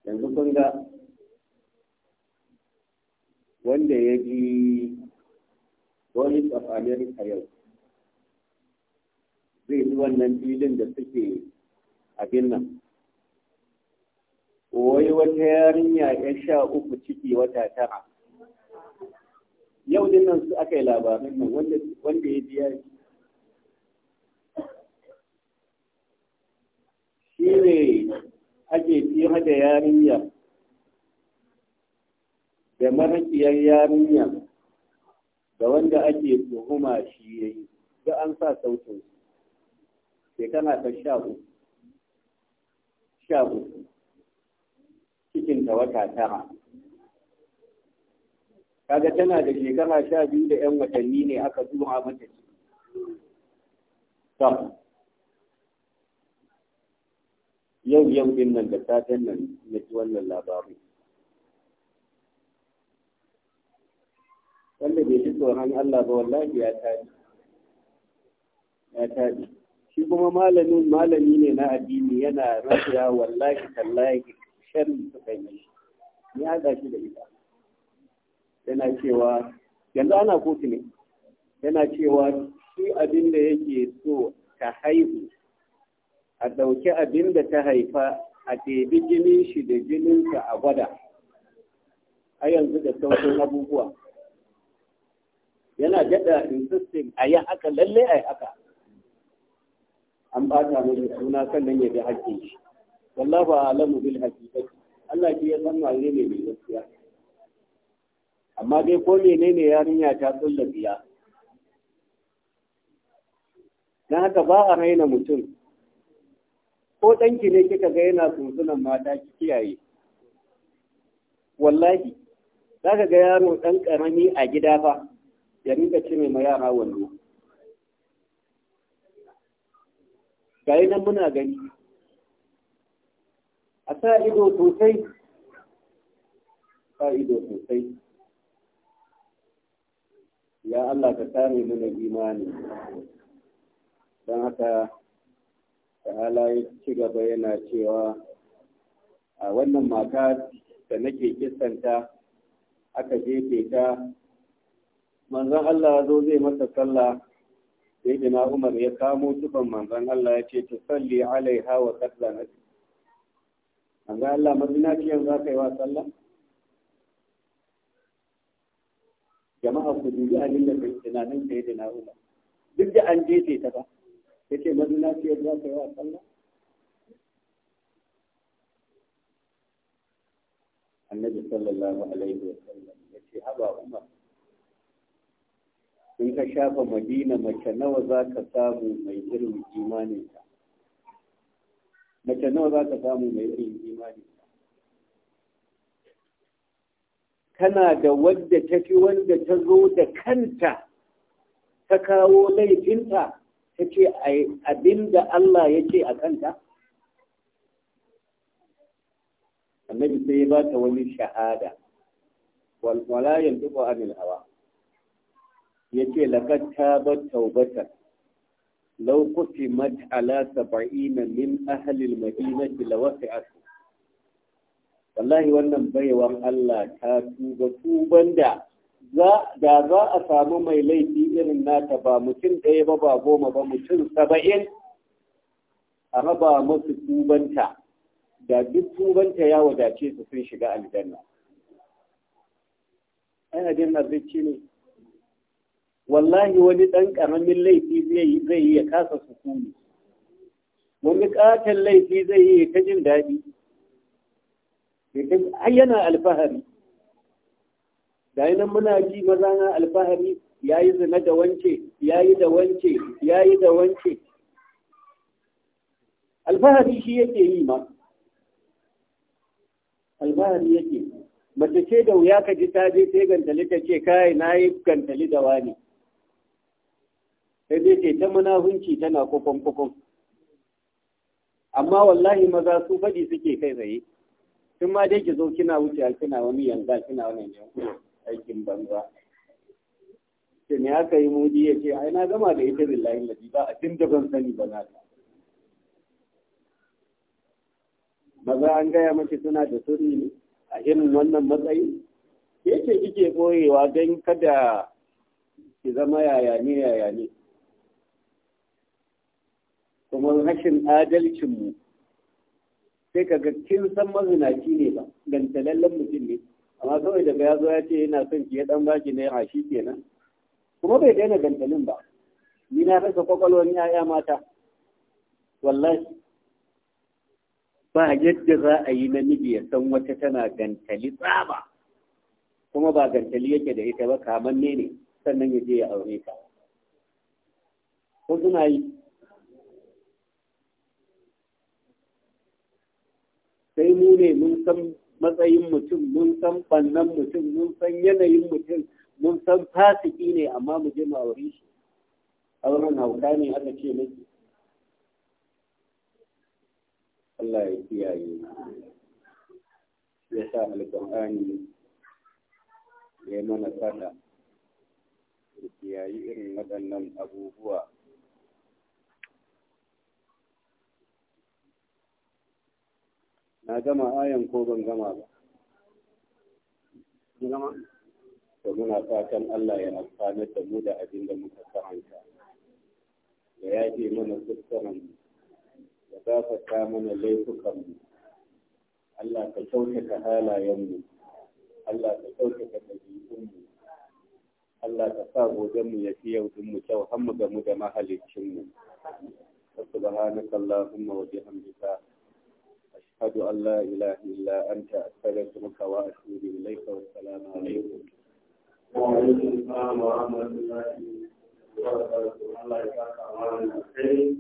yanzu kun ga wanda ya ji wani tsakanin a yau zai ji wannan filin da suke abin nan wai wata yarinya ya sha uku ciki wata tara yau dinnan nan su aka yi labarin nan wanda ya biya shi shi ne ake tsira da yarinya da marakiyar yarinya da wanda ake tuhuma shi ya yi da an sa sautin shekara ta sha cikin ta wata tara kaga tana da shekara sha biyu da 'yan watanni ne aka zuwa mata ciki yau yau din nan da safen nan na ji wannan labari wanda bai ji tsoron Allah ba wallahi ya tabi ya tabi shi kuma malamin malami ne na addini yana rafiya wallahi tallahi sharri suka yi ya haɗa shi da ita yana cewa yanzu ana kotu ne yana cewa shi abin da yake so ta haihu a ɗauki abin da ta haifa a tebi jinin shi da jininka a gwada a yanzu da sauran abubuwa yana jada insisting a yi haka lalle a yi haka an bata mai suna sannan ya bi haƙƙin shi wallahu alamu bil haqiqati Allah shi ya san wane ne mai gaskiya amma dai ko menene yarinya ta tsulla biya haka ba a raina mutum ko ɗanki ne kika ga yana sunsunan mata ki kiyaye wallahi za ka ga yaro ɗan ƙarami a gida fa ya rika cire mai yara wando yi nan muna gani a sa ido sosai sa ido sosai ya Allah ka sami mana imani don haka ta'ala ya ci gaba yana cewa a wannan mata da nake kistanta aka jefe ta manzan Allah zo zai masa sallah sai dina Umar ya kamo tufan manzan Allah ya ce ta salli alaiha wa ce manzan Allah na ce yanzu ka yi wa sallah jama'a ku dubi abin da kai tunanin sai da Umar duk da an jefe ta ba ya ce mazinaciyar za ta yi wa kalla? annabi sallallahu alaihi wasallam ya ce haba umar in ka shafa madina mace nawa za ka samu mai irin imaninka mace nawa za ka samu mai irin imaninka kana da wadda ta wanda ta zo da kanta ta kawo laifinta ta ce abin da Allah ya ce a kanta? Annabi sai ya ba ta wani shahada, wala yanzu ko hawa. Ya ce, lakar ta ba taubatar, mat kufi mat'ala saba'ina min ahalil madinati wasu asu. Wallahi wannan baiwan Allah ta tuba tuban da da za a samu mai laifi irin nata ba mutum ɗaya ba ba goma ba mutum saba'in a raba masu tubanta da duk tubanta ya wadace su sun shiga aljanna ana jin arziki ne wallahi wani ɗan ƙaramin laifi zai yi ya kasa sukuni wani ƙaton laifi zai yi ta jin daɗi har yana alfahari ga nan muna ji maza alfahari ya yi zina da wance ya yi da wance ya yi da wance alfahari shi yake yi ma alfahari yake mace ce da wuya ka ji ta je sai gantali ta ce kai na yi gantali da wani sai dai ce ta munafunci tana kokon kokon amma wallahi maza su faɗi suke kai tsaye tun ma dai ki zo kina wuce kina wani yanga kina wani yanga aikin banza ce ne aka yi mudi ya ce ai na gama da ita layin ladi ba abin da ban sani ba na ta maza an gaya mace suna da suri a irin wannan matsayi ya ce kike koyewa don kada ki zama yaya ne yaya ne kuma rashin adalcinmu sai ka ga kin san mazinaci ne ba gantalallen mutum ne amma kawai daga ya zo ya ce yana son ki ya dan baki naira shi kenan kuma bai daina gantalin ba ni na rasa kwakwalwar ya'ya mata wallahi ba yadda za a yi namiji ya san wata tana gantali tsaba kuma ba gantali yake da ita ba kaman ne sannan ya je ya aure ka ko suna yi sai mu ne mun san matsayin mutum mun san bannan mutum mun san yanayin mutum mun san fasiki ne amma mu je mu aure shi auren hauka ne aka ce miki Allah ya kiyaye ya sa alƙur'ani ya mana fada ya yayi irin waɗannan abubuwa na gama ayan ko ban gama ba gama to muna fatan Allah ya amfana da mu da abin da muka karanta ya yaje mana kuskuren ya gafarta mana laifukan mu Allah ka ka halayen mu Allah ka ka dabi'un mu Allah ka sa goben mu ya fi yau din mu kyau har mu gamu da mahaliccin mu subhanakallahumma wa bihamdika أشهد أن لا إله إلا أنت أستغفرك وأتوب إليك والسلام عليكم وعليكم السلام ورحمة الله وبركاته الله يبارك على خير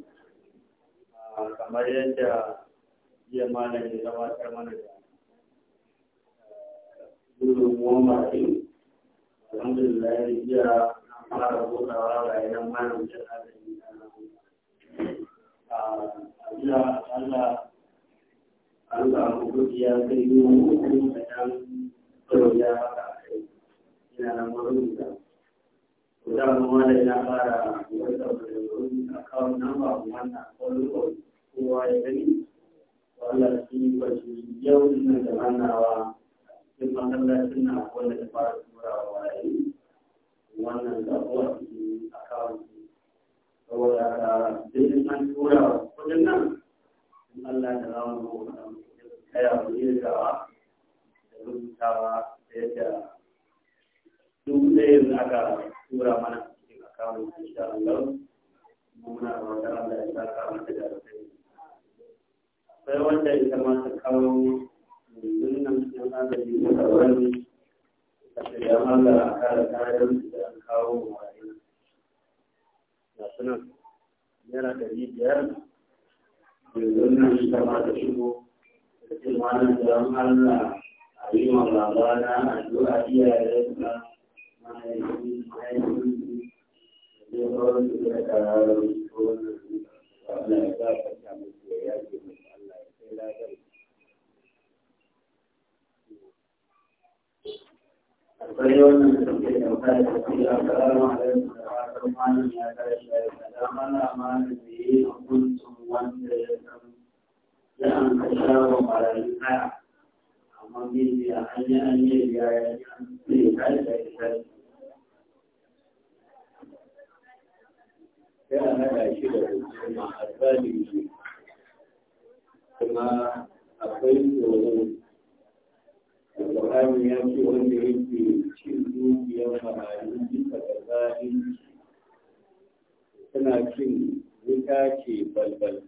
kamar yadda jiya malam ya gabatar mana da gudun goma ɗin alhamdulillah jiya na fara buɗawa ga yanan malam jin azumi a jiya allah an ba ku kuɗi ya kai yi wani kuɗi da ya haka a kai ina nan da ku da kuma da fara wata wani wurin a kawai nan ba ku wanda wani kawai kowa ya gani shi ba shi yau ina da hannawa cikin masallacin na wanda ta fara turawa wannan da kowa a kawai saboda da an tura kudin nan Allah da za mu gona kaya mu yi da rubutawa da yadda duk ɗayan aka tura mana cikin akawun insha Allah muna da wata Allah ya saka mata da alkhairi sai wanda ita ma ta kawo sunan cikin azali da kawai ta da Allah a kare kayan da an kawo sunan. yana da biyar wannan shi kama da shigo ce Allah a yi wa babana addu'a iyayensa mahaifin mahaifin da zai kawo su da kararar Allah ya yake Allah ya akwai wannan suke da da ya tashi da kada mana da yi wanda ya san ya an ka marayu amma hanyar da ita da a akwai alƙur'ani ya ce wanda yake cin dukiyar marayu bisa ga zalunci suna cin wuta ce balbal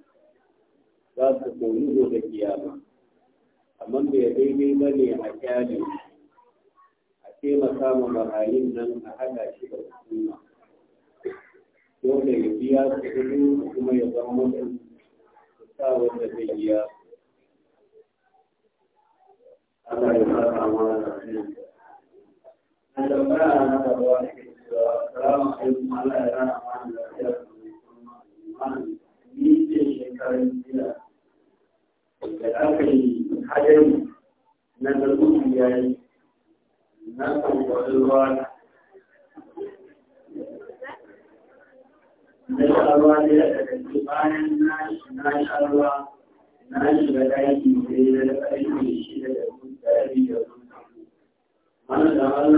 za su koyi gobe kiyama amma bai daidai ba ne a kyale a taimaka ma marayun nan a haɗa shi da hukuma dole ya biya su kuma ya zama mutum su sa wanda zai biya su Allah ya ba ka ma da Na tambaya na da ba ke cewa salamu alaikum Allah ya rana ma da lafiya ni ce shekarun jiya da aka yi hadari na da ya yi na kan ruwa na sha ruwa ne da daga bayan na sha ruwa na shiga daji sai da aiki shida da ɗari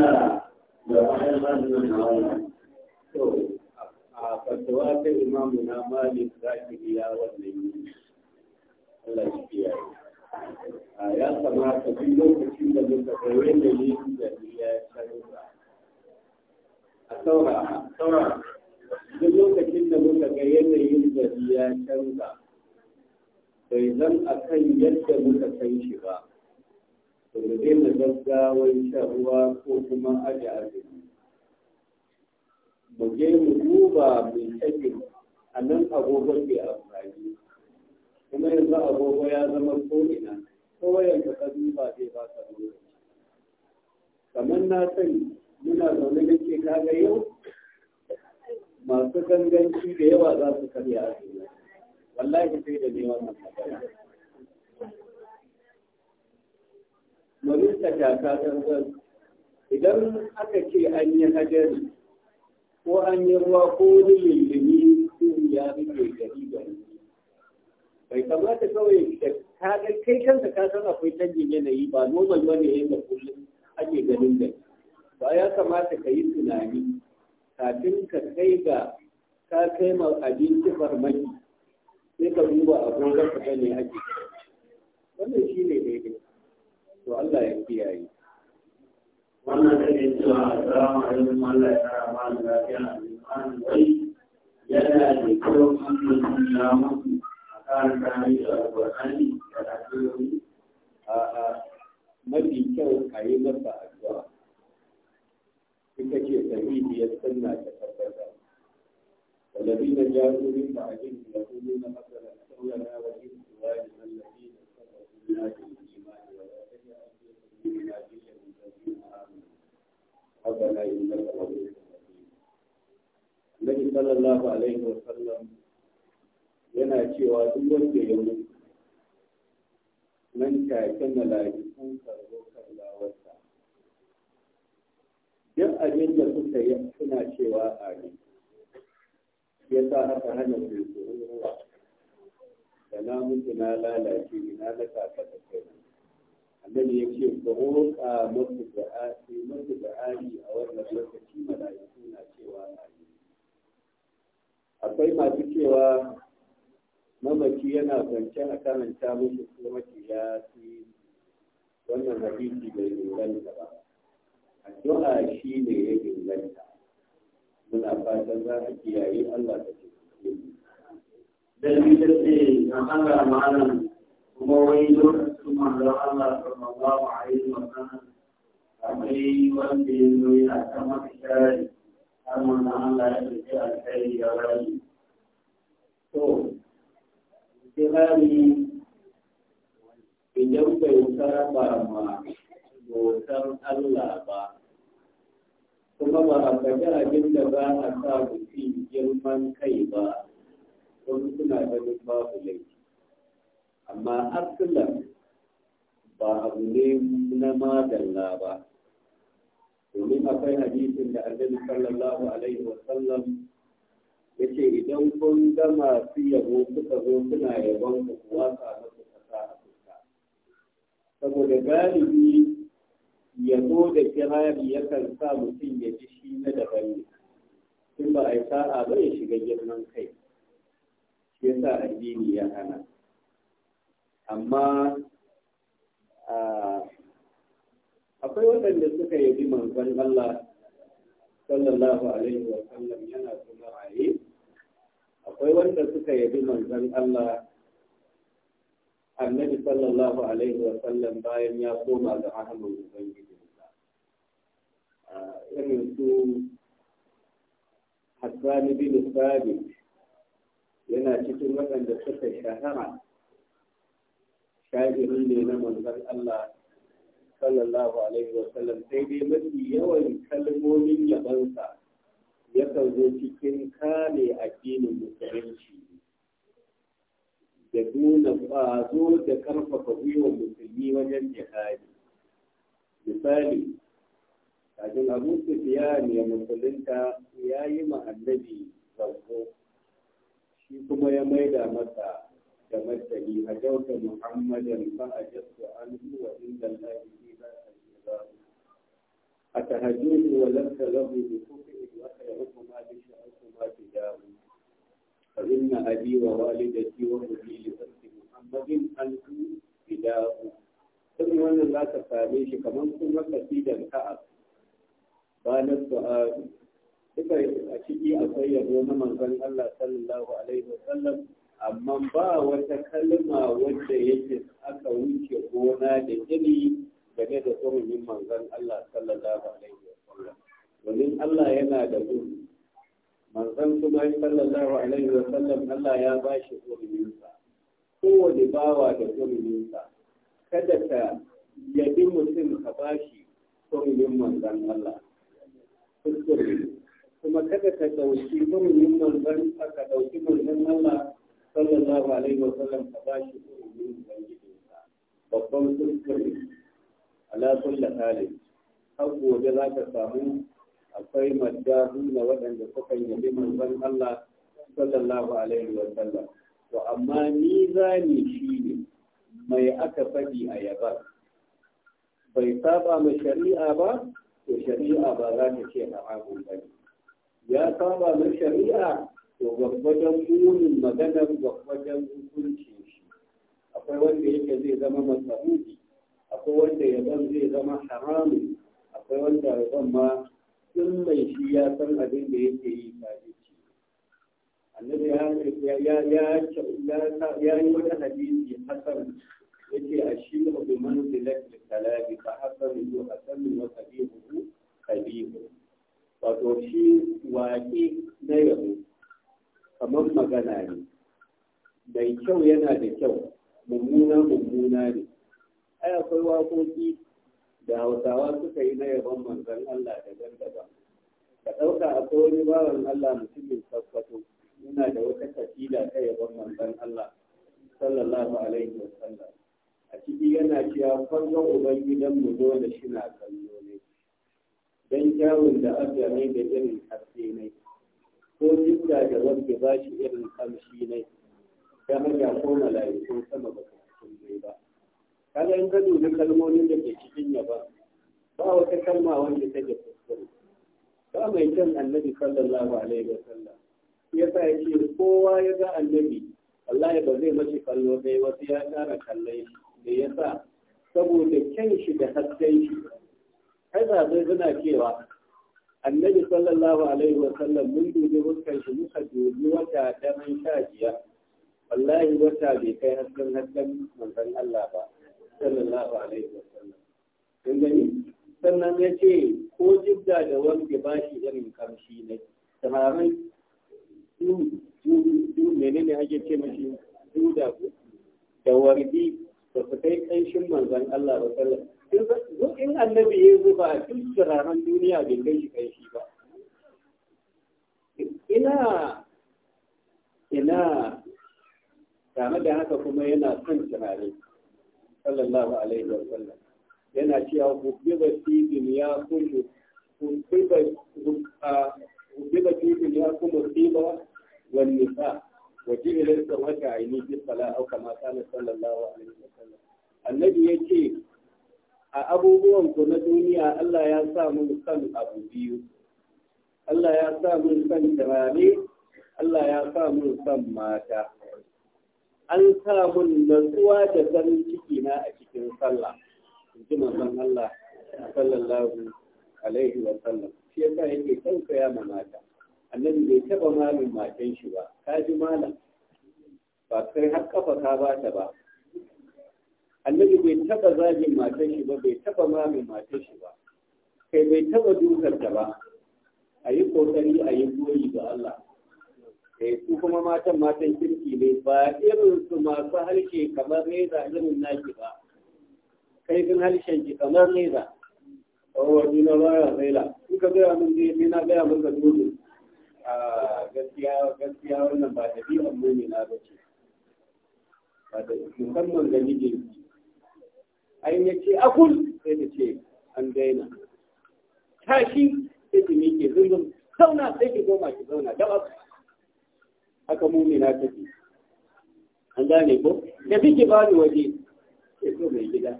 da to a fatawa malik za ki biya yi ya kamata lokacin da muka kai wanda ya a duk lokacin da muka ya bai zan a kan yadda muka san shi ba da mu daina gaggawar shan ruwa ko kuma aje azumi mu je mu duba mai tsakin a nan agogon bai amfani kuma yanzu agogo ya zama ko'ina kowa yanzu ka duba zai ba ka lokaci kamar na sani muna zaune da ke kaga yau masu ganganci da yawa za su karya azumi wallahi sai da ne wannan magana domin ta taka idan aka ce an yi hadari ko an yi ruwa ko wani lullumi sun ya rike gari gari bai kamata kawai da kaga kai kanka ka san akwai canjin yanayi ba normal wani ya da kullum ake ganin gari ba ya kamata ka yi tunani kafin ka kai ga ka kai ma abinci farmaki sai ka duba agogon ka ne ake wannan shi ne daidai to Allah ya kiyaye wannan da ke cewa assalamu alaikum Allah ya kara ba ni lafiya a limanin wai yana da kyau mutum ya mutu a kan kami da alƙur'ani da lafiyoyi a'a mafi kyau a yi masa addu'a ita ce sahihiyar sunna ta tabbata والذين جاءوا من بعدهم يقولون مثلا لولا وجدت والدا الذين اتقوا ربنا إنك رؤوف Annabi sallallahu alaihi wa sallam yana cewa duk wanda ya mutu nan take mala'ikun karbo kallawarsa duk abin da suka yi suna cewa a amin ya sa aka hana su da na mutu na lalace ina na kaka da kai annabi ya ce ba roƙa masu da'a'i masu da'a'i a wannan lokaci mala'iku na cewa amin akwai masu cewa mamaki yana kwance a karanta musu mamaci ya fi wannan hadisi bai inganta ba addu'a shi ne ya inganta muna fatan za a kiyaye Allah ta ce dalilin da ke a hanga malam kuma wai lokacin manzon Allah sallallahu alaihi wa sallam akwai wanda ya zo yana ta maka shari har manzon Allah ya tafi alkhairi ya rayu to kirari idan bai saba ma bautar Allah ba kuma ba a faɗi abin da ba a sa mutum girman kai ba wani suna ganin babu laifi amma asalan ba abu ne na madalla ba domin akwai hadisin da annabi sallallahu alaihi wa sallam yace idan kun ga masu yabo suka zo suna yabon ku kuwa sa musu kasa a fuska saboda galibi yabo da kirari yakan sa mutum ya ji shi na daban ne ba a yi sa'a ba ya shiga girman kai shi yasa addini ya hana amma akwai waɗanda suka yabi manzon Allah sallallahu alaihi wa sallam yana kuma raye akwai wanda suka yabi manzon Allah annabi sallallahu alaihi wa sallam bayan ya koma ga rahaman ubangijinsa irin su Hassan bin sabit yana cikin waɗanda suka shahara shagiri ne na manzon Allah sallallahu alaihi wa sallam sai dai mafi yawan kalmomin yabansa yakan zo cikin kare addinin musulunci da nuna ƙwazo da ƙarfafa gwiwar musulmi wajen jihadi misali kafin abu sufiyan ya musulunta ya yi ma annabi zango shi kuma ya maida masa game da ni a jauta muhammadin ba a jasa an wa inda lafi ne ba a yi ba a ta hajji ne rabu da kuka yi wa kuma da an kuma fi damu a zinna a bi wa wali da muhammadin an fi fi damu sun za ka same shi kamar kuma haka fi da ka'a a ciki akwai yabo na manzon allah sallallahu amma ba wata kalma wanda yake aka wuce gona da iri game da tsohon manzan Allah sallallahu alaihi wasallam domin Allah yana da su manzon kuma sallallahu alaihi wasallam Allah ya ba shi tsohoninsa kowane bawa da tsohoninsa kada ka yabi mutum ka ba shi tsohonin manzan Allah kuma kada ka ɗauki tsohonin manzan ka ɗauki manzan Allah sallallahu alaihi wasallam ka ba shi ilimin ubangijinsa babban kuskure ala kulli halin har gobe za ka samu akwai madadu na waɗanda suka yabi ban Allah sallallahu alaihi wasallam to amma ni za ni shi ne mai aka faɗi a yabar bai saba ma shari'a ba to shari'a ba za ta ce haramun ba ya saba ma shari'a to gwagwadon munin maganar gwagwadon hukuncin shi akwai wanda yake zai zama masarufi, akwai wanda yaban zai zama haramu akwai wanda ya yaban ma sun mai shi ya san abin da yake yi kaji ci annabi ya ya ya yi wata hadisi hasan yace ashiru bi manzilati talabi fa hasan yu hasan wa qabihu qabihu wato shi waƙi na yabo kamar magana ne mai kyau yana da kyau mummuna mummuna ne ai akwai waƙoƙi da hausawa suka yi na yaban manzon Allah daban-daban ka ɗauka akwai wani bawan Allah mutumin tabbato yana da wata kafila ta yaban manzon Allah sallallahu alaihi wa sallam a ciki yana cewa kwanzon ubangidan mu dole shi na kallo ne dan kyawun da aka da irin haske ne ko jinta da wanda ba shi irin kamshi ne ta hanya ko malayu sama ba su ba kaga in ka dubi kalmomin da ke cikin yaba ba Ba wata kalma wanda ta ke kuskure ba mai kyan annabi sallallahu alaihi wa sallam ya sa ya ce kowa ya ga annabi wallahi ba zai mace kallo sai wasu ya kara kallon shi da ya sa saboda kyan shi da hasken shi kai zai suna cewa annabi sallallahu alaihi wa sallam mun dubi fuskar shi muka dubi wata daren sha biyar wallahi wata bai kai hasken hasken manzon Allah ba sallallahu alaihi wa sallam kun gani sannan ya ce ko jibda da wanda ba shi irin kamshi ne samarai du menene ake ce mashi du da da wardi ba su kai kanshin manzon Allah ba sallallahu duk in annabi ya zuba duk turaren duniya bai kai shi kai shi ba ina ina tare da haka kuma yana son turare sallallahu alaihi wa sallam yana cewa hubbiba fi dunya kullu hubbiba hubbiba fi dunya kullu tiba wan nisa wa jibila sawata aini fi sala auka kama kana sallallahu alaihi wa sallam annabi ya ce. a abubuwan ku na duniya Allah ya sa mun san abu biyu Allah ya sa mun san turare Allah ya sa mun san mata an sa mun nutsuwa da san ciki na a cikin sallah in ji manzon Allah sallallahu alaihi wa sallam shi yasa yake tausaya ma mata annabi bai taba malin matan shi ba ka ji malam ba kai har kafa ka ba ta ba annabi bai taba zagin matar shi ba bai taba mamin matar shi ba kai bai taba dukar ta ba a yi kokari a yi goyi ga Allah kai eh, su kuma matan matan kirki ne ba irin su masu harshe kamar reza irin naki ba kai sun harshen ki kamar reza oh juna na baya tsaila. in ka gaya min dai ni na gaya maka dole a ah, gaskiya gaskiya wannan ba da bi'an amma ne na bace ba da musamman ga mijinki ai ya ce akul sai da ce an daina tashi sai ki miƙe zunzun zauna sai ki goma ki zauna da wasu. haka mumina take an gane ko da fi ba ni waje sai so mai gida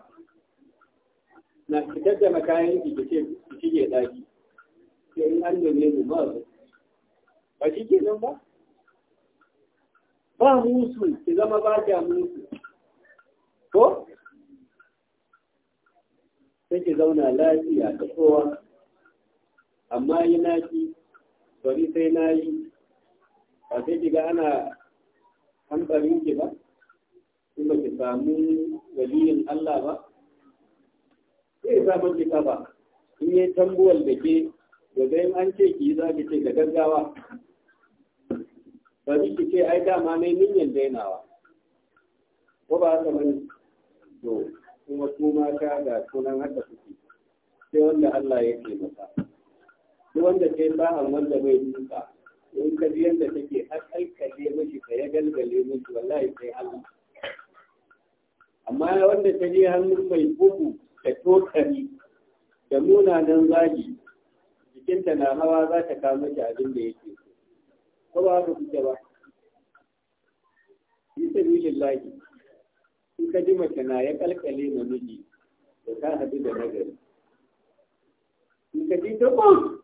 na fitar da makayan ki ki ce ki shige daki sai in an nome mu su ba shi ke nan ba ba musu ki zama ba ta musu ko sai ki zauna lafiya da kowa amma yi naki bari sai na yi ba sai ki ga ana hankalin ki ba in ba ki samu waliyin Allah ba sai ya samu ki ba in yi tambuwal da ke daga yin an ce ki za ki ce da gaggawa bari ki ce ai dama mai niyyar dainawa ko ba haka bane kuma su mata ga sunan haka suke sai wanda Allah ya ke masa duk wanda sai sa'an wanda bai duka in ka ji yadda take har alkale mashi ka ya galgale mashi wallahi sai Allah amma wanda ta je hannun mai bugu da tokari da munanan zagi jikinta na hawa za ta kama shi abin da yake so ko ba haka kuke ba fi sabilillahi in ka ji mace na ya kalkale ma miji da ta haɗu da nagari in ka ji ta ƙon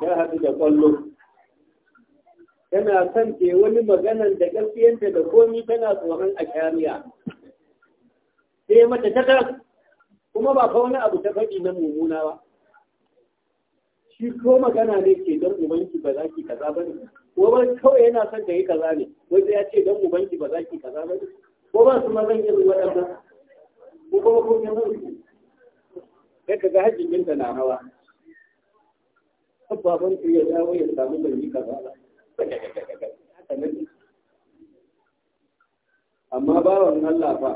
ta haɗu da kwallo. tana son ke wani maganan da gaskiyanta da komi tana tsoron a kyariya sai mata ta kuma ba fa wani abu ta faɗi na mummuna ba shi ko magana ne ke don ubanki ba za ki kaza ba ne ko ba kawai yana son ka yi kaza ne wanda ya ce don ubanki ba za ki kaza ba ne ko ba su mazan irin waɗanda ko kuma kun yi mun sai ka ga hajjin da na hawa babban su ya dawo ya samu bai yi kaza ba amma bawan Allah ba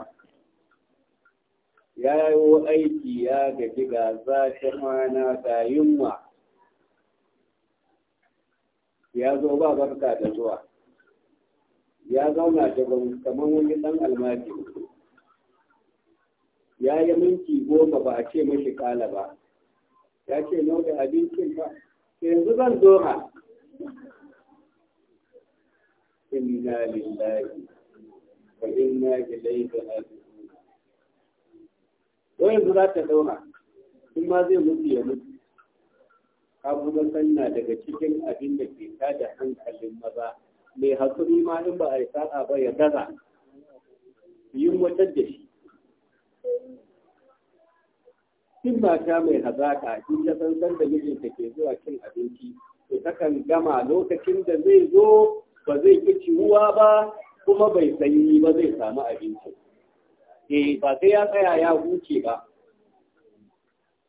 ya yi aiki ya gaji ga ta mana ga yunwa ya zo ba barka da zuwa ya zauna jaban kamar wani ɗan almaji ya yi minti goma ba a ce mashi kala ba ya ce nau da abincin ba yanzu zan dora inna lillahi wa inna ilaihi raji'un wai yanzu za ta zauna in ma zai mutu ya mutu kaburan sanna daga cikin abin da ke tada hankalin maza mai haƙuri ma in ba a yi sa'a ba ya gaza yin wata da shi cin mata mai hazaka, shi ta san san da mijinta ke zuwa cin abinci to takan gama lokacin da zai zo ba zai ki ciwuwa ba kuma bai sanyi ba zai samu abinci eh ba sai ya tsaya ya huce ba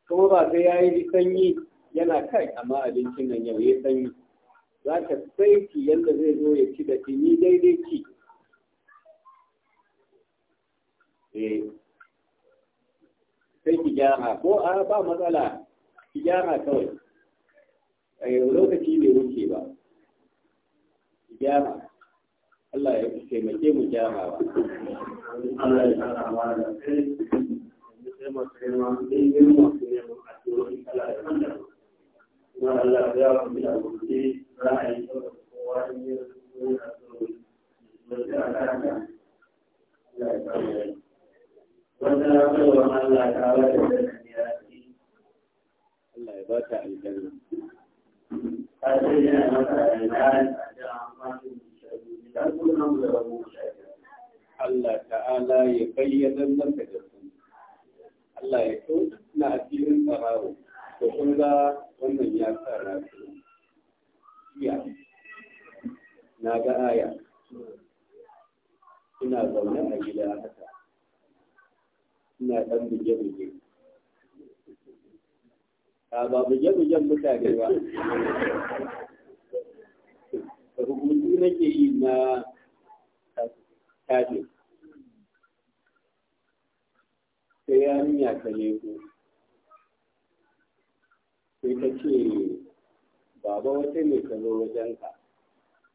kuma ba sai ya yi sanyi yana kai amma abincin nan yau ya sanyi za ta saiti yadda zai zo ya ci da ni daidai ki eh. sai ki gyara ko a ba matsala ki gyara kawai a eh, yau lokaci bai wuce ba ki gyara Allah ya taimake mu gyara ba Allah ya gyara ba da kai, mu sai Allah ya ya da yi Allah ya kyau na asirin tsarawo, to kun ga wannan ya sa jiya na ga aya ina zaune a gida haka ina ɗan buge-buge a ba buge-bugen mutane ba rubutu nake yi na tafi sai ya nuna ta leko sai ta ce baba wata ne ka zo wajenka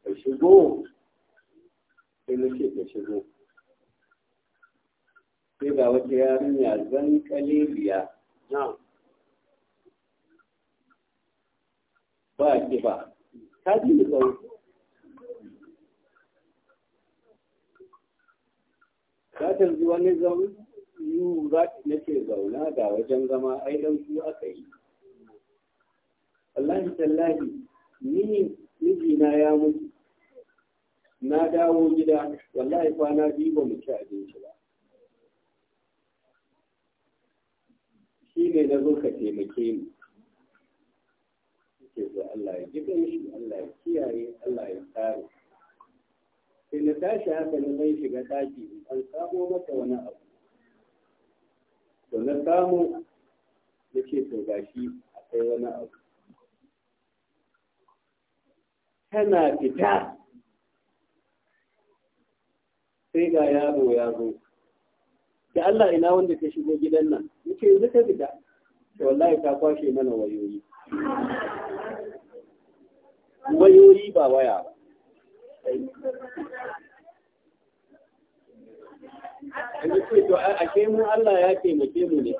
ka shigo sai na ce ka shigo sai ga wata yarinya zan na ba ki ba ta ji da tsawo za ta zuwa ne zaune ta ce zauna ga wajen zama ai don su aka yi wallahi tallahi ni na ya mutu na dawo gida wallahi kwana biyu ba mu ci abinci ba shi ne na zo ka taimake ni ke zo Allah ya ji shi Allah ya kiyaye Allah ya tsare sai na tashi haka na zai shiga daki an samo mata wani abu to na samu na ce to gashi akwai wani abu tana fita sai ga yaro ya zo da Allah ina wanda ta shigo gidan nan yace yanzu ta fita to wallahi ta kwashe mana wayoyi wayoyi ba waya ba yanzu ce to a ke mu Allah ya taimake mu ne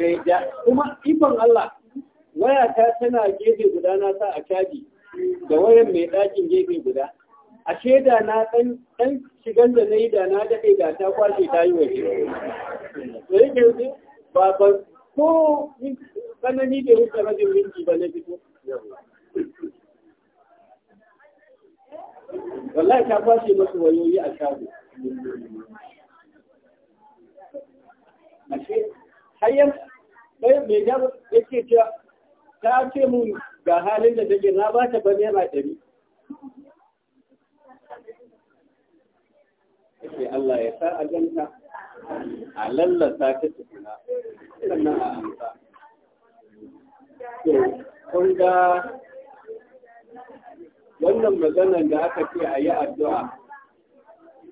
eh, kuma ikon Allah waya ta tana gefe guda na sa a caji da wayan mai ɗakin gefe guda a da na ɗan shigan da na yi da na daɗe da ta kwashe ta yi waje da yake yi ba ba ko tsanani da wuce rajin minti ba na fito wallahi ta kwashe masu wayoyi a shago ashe hayan ɗaya mai ya ce ta ce mun ga halin da take na ba ta ba naira ɗari Allah ya sa a ganta a lallasa ta tukuna sannan a amsa to kun ga wannan maganar da aka ce a yi addu'a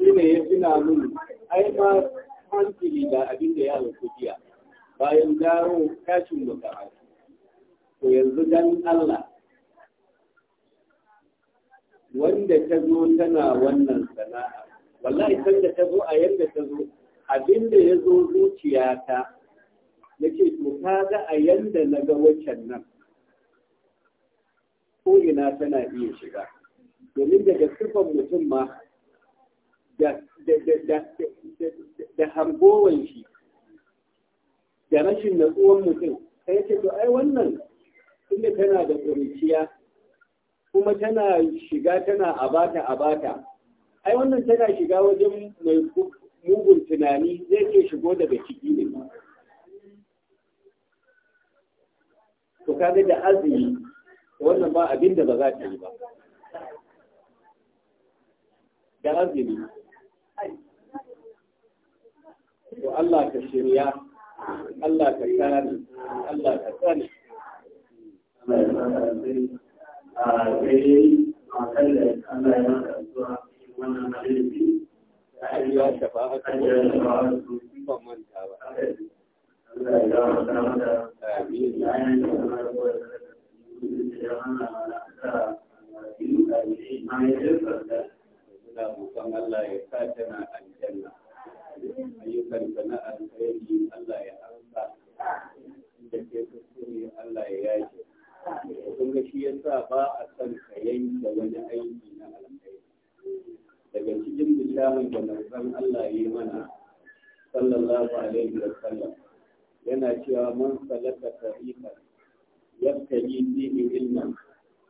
shi ne ya tuna mun ai ma hankali da abin da ya alkudiya bayan gano tashin makarai ko yanzu dan Allah wanda ta zo tana wannan sana'a wallahi san da ta zo a yanda ta zo abinda ya zo zuciyata nake to ka a yanda na ga nan ko ina tana iya shiga domin daga sifan mutum ma da harbowan shi da rashin natsuwan mutum sai ce to ai wannan tunda tana da kuriciya kuma tana shiga tana abata abata ai wannan tana shiga wajen mai mugun tunani zai ke shigo daga ciki ne to kaga da azumi wannan ba abin da ba za ta yi ba da azumi to Allah ka shirya Allah ka kare Allah ka tsare Allah ya saka alkhairi a da Allah ya maka zuwa wannan ta na alkhairi Allah ya amsa. ke kuskure Allah ya yake. kun ga shi yasa ba a son ka yanke wani aiki na alkhairi daga cikin bishamin da manzon Allah ya mana sallallahu alaihi wa sallam yana cewa man salaka tariqan yabtaji fihi ilman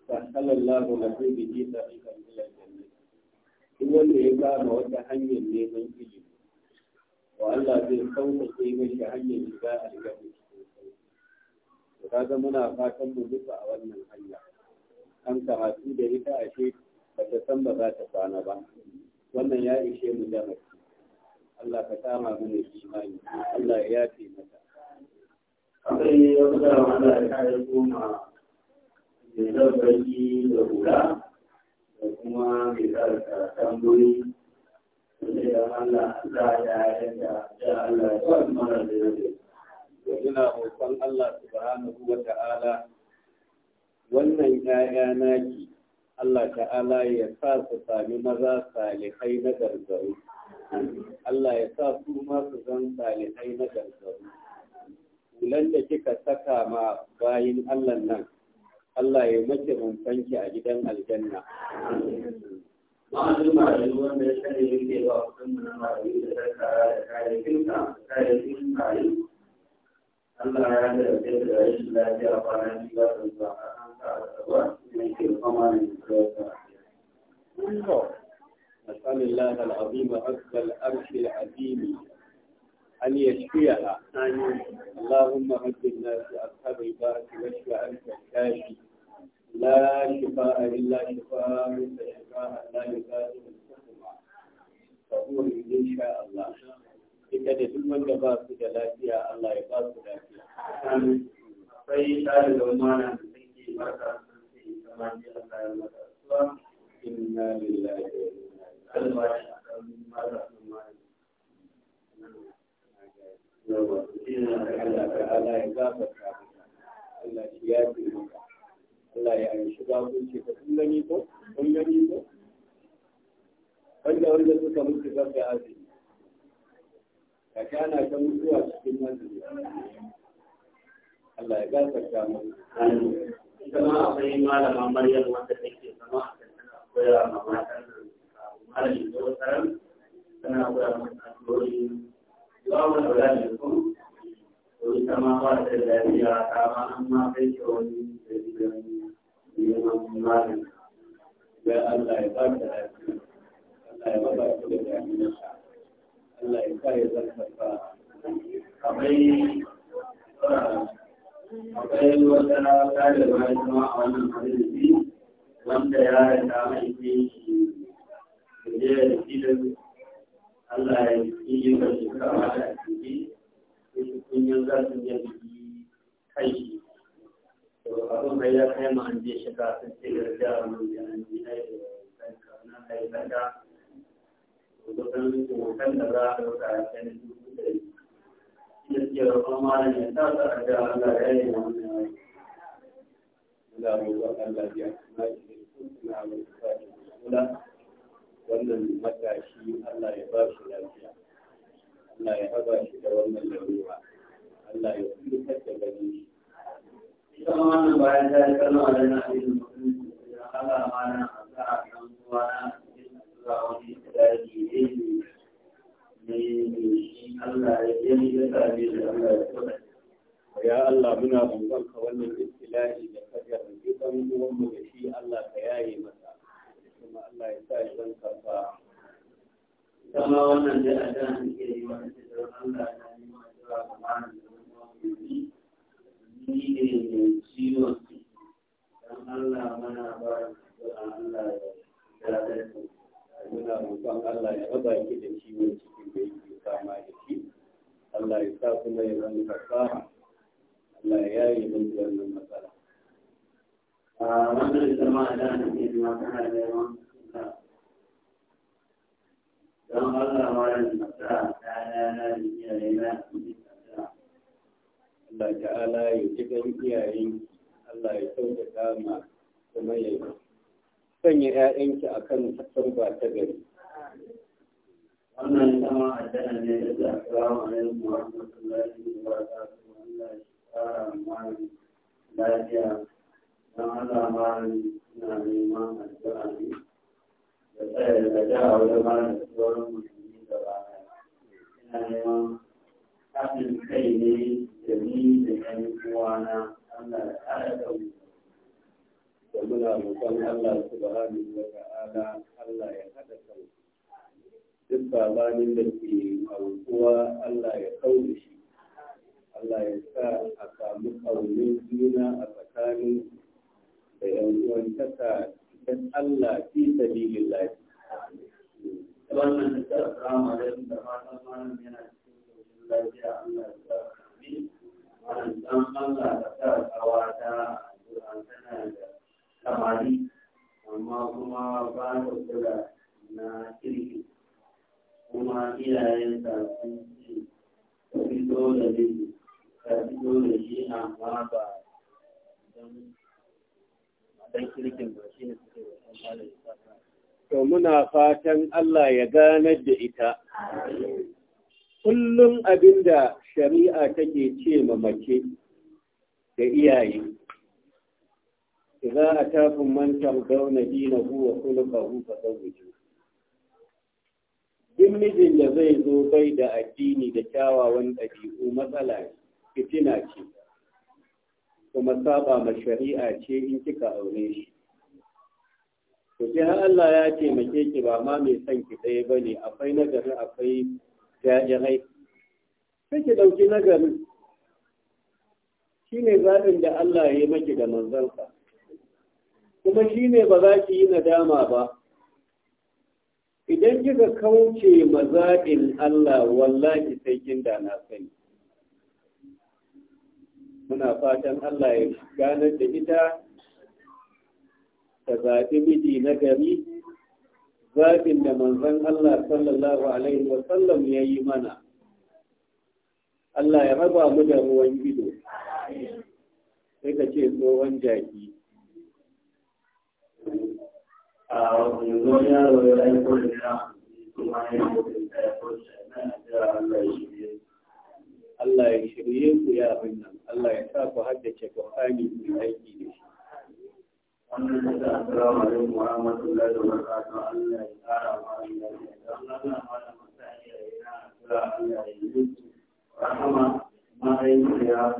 sahala Allahu lahu bihi tariqan ila jannah duk wanda ya kama wata hanyar neman ilimi wa Allah zai sauƙaƙe mashi hanyar shiga aljanna to kaga muna fatan mu duka a wannan hanya an karatu da ita ashe ba ta san ba za ta kwana ba wannan ya ishe mu darasi Allah ka kama mana imani Allah ya yafe mata akwai wata wanda ya yi goma mai ɗaukaki da hula da kuma mai tsarka tamburi da Allah Allah ya yadda da Allah ya kwanci mara da yadda wa ina roƙon Allah subhanahu wa ta'ala wannan ‘ya'ya naki Allah ta'ala ya sa su sami maza salihai na gargaru Allah ya sa su ma su zan salihai na gargaru kulan da kika saka ma bayin Allah nan Allah ya mace rumfanki a gidan aljanna ma'azin marayu wanda ya sani yake ba kudin mana marayu da tattara da kayayyakinka kayayyakin marayu Allah ya yarda da rashin الله العظيم رب الأرش العظيم أن يشفيها اللهم هد الناس أصحاب البارك واشف أنت الكاشف لا شفاء إلا شفاء من شفاء لا يغادر سقما فقول إن شاء الله ita da duk wanda ba su da lafiya Allah ya ba su lafiya. Sai ɗalibin mana da suke mata sun ce kamar ji Allah ya mata suwa inna lillahi wa inna ilaihi raji'un. Allah ta'ala ya gafarta Allah shi ya fi maka. Allah ya yi shiga kunce ka kun gani ko? Kun gani ko? Wanda wanda suka mutu gafi azumi. kaka na ta mutuwa cikin nazari Allah ya gafarta mu kuma akwai malama Maryam wanda take zama a kan koya ma matan malami ko saran tana koya ma tsori ba mu da ne ko to ita ba ta lafiya ta ma an ma kai ta wani da gidan neman malami ya Allah ya ba ta lafiya Allah ya ba ta lafiya Allah ya sa ya zaka akwai akwai wata da bayan a wannan hadisi wanda ya yi ta shi da ya yi filin Allah ya yi yin da a kama da ciki sun kunyan za su yi biki kai shi to abin bai ya kai ma an je shiga sun ce da jami'in da an yi da kanka na kusan kokan da za a ɗauka a kan dubu ɗari shi da suke roƙon malam ya a Allah ya yi Allah shi da kula wannan matashi Allah ya ba lafiya Allah ya da Allah ya gani shi ita wannan bayan ta yi kallon a na abin ya haɗa mana a sa'a ɗan na wani shi Allah ya yi Allah ya tsara. Ya Allah muna roƙonka wannan ibtila'i da ka jarrabe uwanmu da shi Allah ka yaye masa. Kuma Allah ya sa ya zanka ba. Sama wannan da a da ke yi wa da Allah na yi wa da kamar da wani ni ne mai ciwon don Allah mana ba da Allah ya da muna roƙon Allah ya raba ki da ciwon cikin da yake fama da shi Allah ya sa kuma ya zama fasaha Allah ya yi miki wannan matsala a wannan zama da nake zuwa kana da yawan don Allah ma wannan matsala ta na yana da iyaye na Allah ta'ala ya ci iyayen Allah ya sauƙaƙa ma kuma ya yi sanya ‘ya'yanki a kan ba ta gari. Wannan sama a jana ne da asalamu alaikum wa rahmatullahi wa barakatuhu Allah shi fara mari lafiya don Allah mari suna neman addu'a ne da tsaye da ja a wajen mara da tsoron musulmi da baya. Ina neman haɗin kai ne da ni da ‘yan uwana Allah ya ƙara ɗauki. da muna roƙon Allah subhanahu wa ta'ala Allah ya haɗa kan duk babanin da ke aukuwa Allah ya kaure shi Allah ya sa a samu ƙaunin juna a tsakanin da yan uwan taka dan Allah fi sabilin lafi. Wannan da kama da da fatan malam yana cikin lafiya Allah ya sa a ni. Wannan dan Allah da sa kawa ta tana da samari amma kuma ba da kula na kirki kuma iyayen ta sun ce ka fito da shi ka fito da shi amma ba don matan kirkin ba shi ne suke da san malam to muna fatan Allah ya ganar da ita kullum abinda shari'a take ce ma mace da iyaye idza atakum man tardawna dinahu wa khuluquhu duk mijin da zai zo bai da addini da kyawawan ɗabi'u matsala fitina ce kuma saba ma shari'a ce in kika aure shi to ji har Allah ya taimake ki ba ma mai son ki ɗaya ba ne akwai nagari akwai jajirai sai ki ɗauki nagarin shi ne zaɓin da Allah ya yi maki da manzansa kuma shi ne ba za ki yi nadama ba idan kika kauce mazaɓin Allah wallahi sai kin da na sani muna fatan Allah ya ganar da ita ta zaɓi miji na gari zaɓin da manzan Allah sallallahu alaihi wasallam ya yi mana Allah ya raba mu da ruwan ido sai ka ce tsohon jaki yanzu yaro ya yi ko da ya kuma ya yi ko da ya ko da ya shirye Allah ya shirye ku ya abin nan Allah ya ku haddace Qur'ani ku aiki da shi wannan da Allah ya ya yi na rahama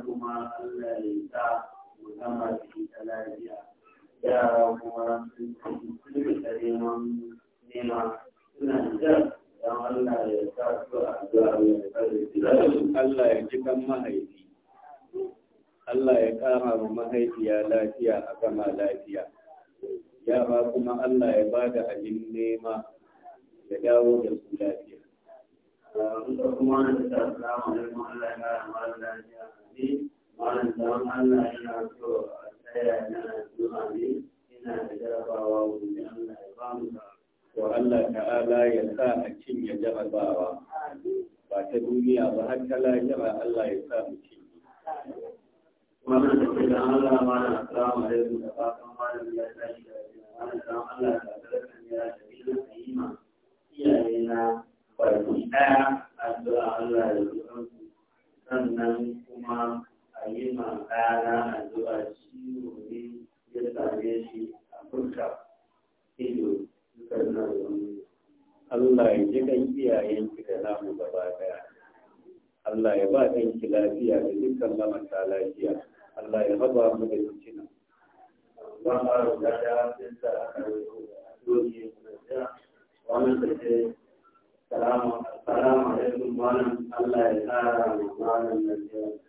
kuma Allah ya mu zama lafiya kuma Allah ya sa a Allah ya ji kan mahaifi Allah ya ƙara wa mahaifiya lafiya a gama lafiya yara kuma Allah ya ba da abin nema ya dawo da su lafiya kuma Allah ya lafiya Allah tsaya na addu'a ne ina da jarabawa Allah ya bamu Allah ta'ala ya sa a cinye jarabawa ba ta duniya ba har ta lahira Allah ya sa mu cinye wannan da ke da Allah ma na salamu alaikum da fatan malam ya tashi da wannan dan Allah ka tsarkan ya da bin ayyima iyaye na barki daya addu'a Allah ya rubuta sannan kuma a yi ma ɗana a zuwa ciwo ne ya same shi a furka ido suka na wani Allah ya ji kan iyayenki da namu gaba daya Allah ya ba ɗanki lafiya da dukkan mamata lafiya Allah ya raba mu da fitina ba a ruga da sun sa a karfi a duniya da wani tafiya salamu alaikum malam Allah ya tsara malam lafiya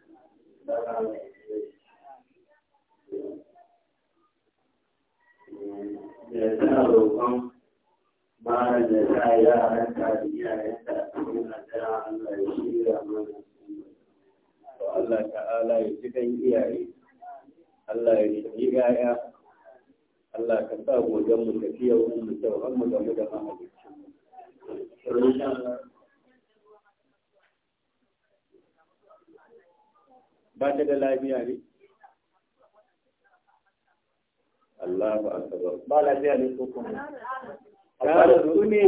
yanzu a roƙon mara da za a da da Allah Allah ta'ala ya kan iyaye Allah ya ji yaya Allah ka sa gojen mu tafiya wani mu an mu mu da mahalicci. ba ta da lafiya ne Allah ba akbar ba lafiya ne ko kuma ya rasu ne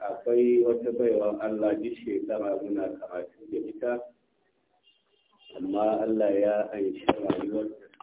akwai wata baiwa Allah ji shekara muna karatu da ita amma Allah ya anshi rayuwarta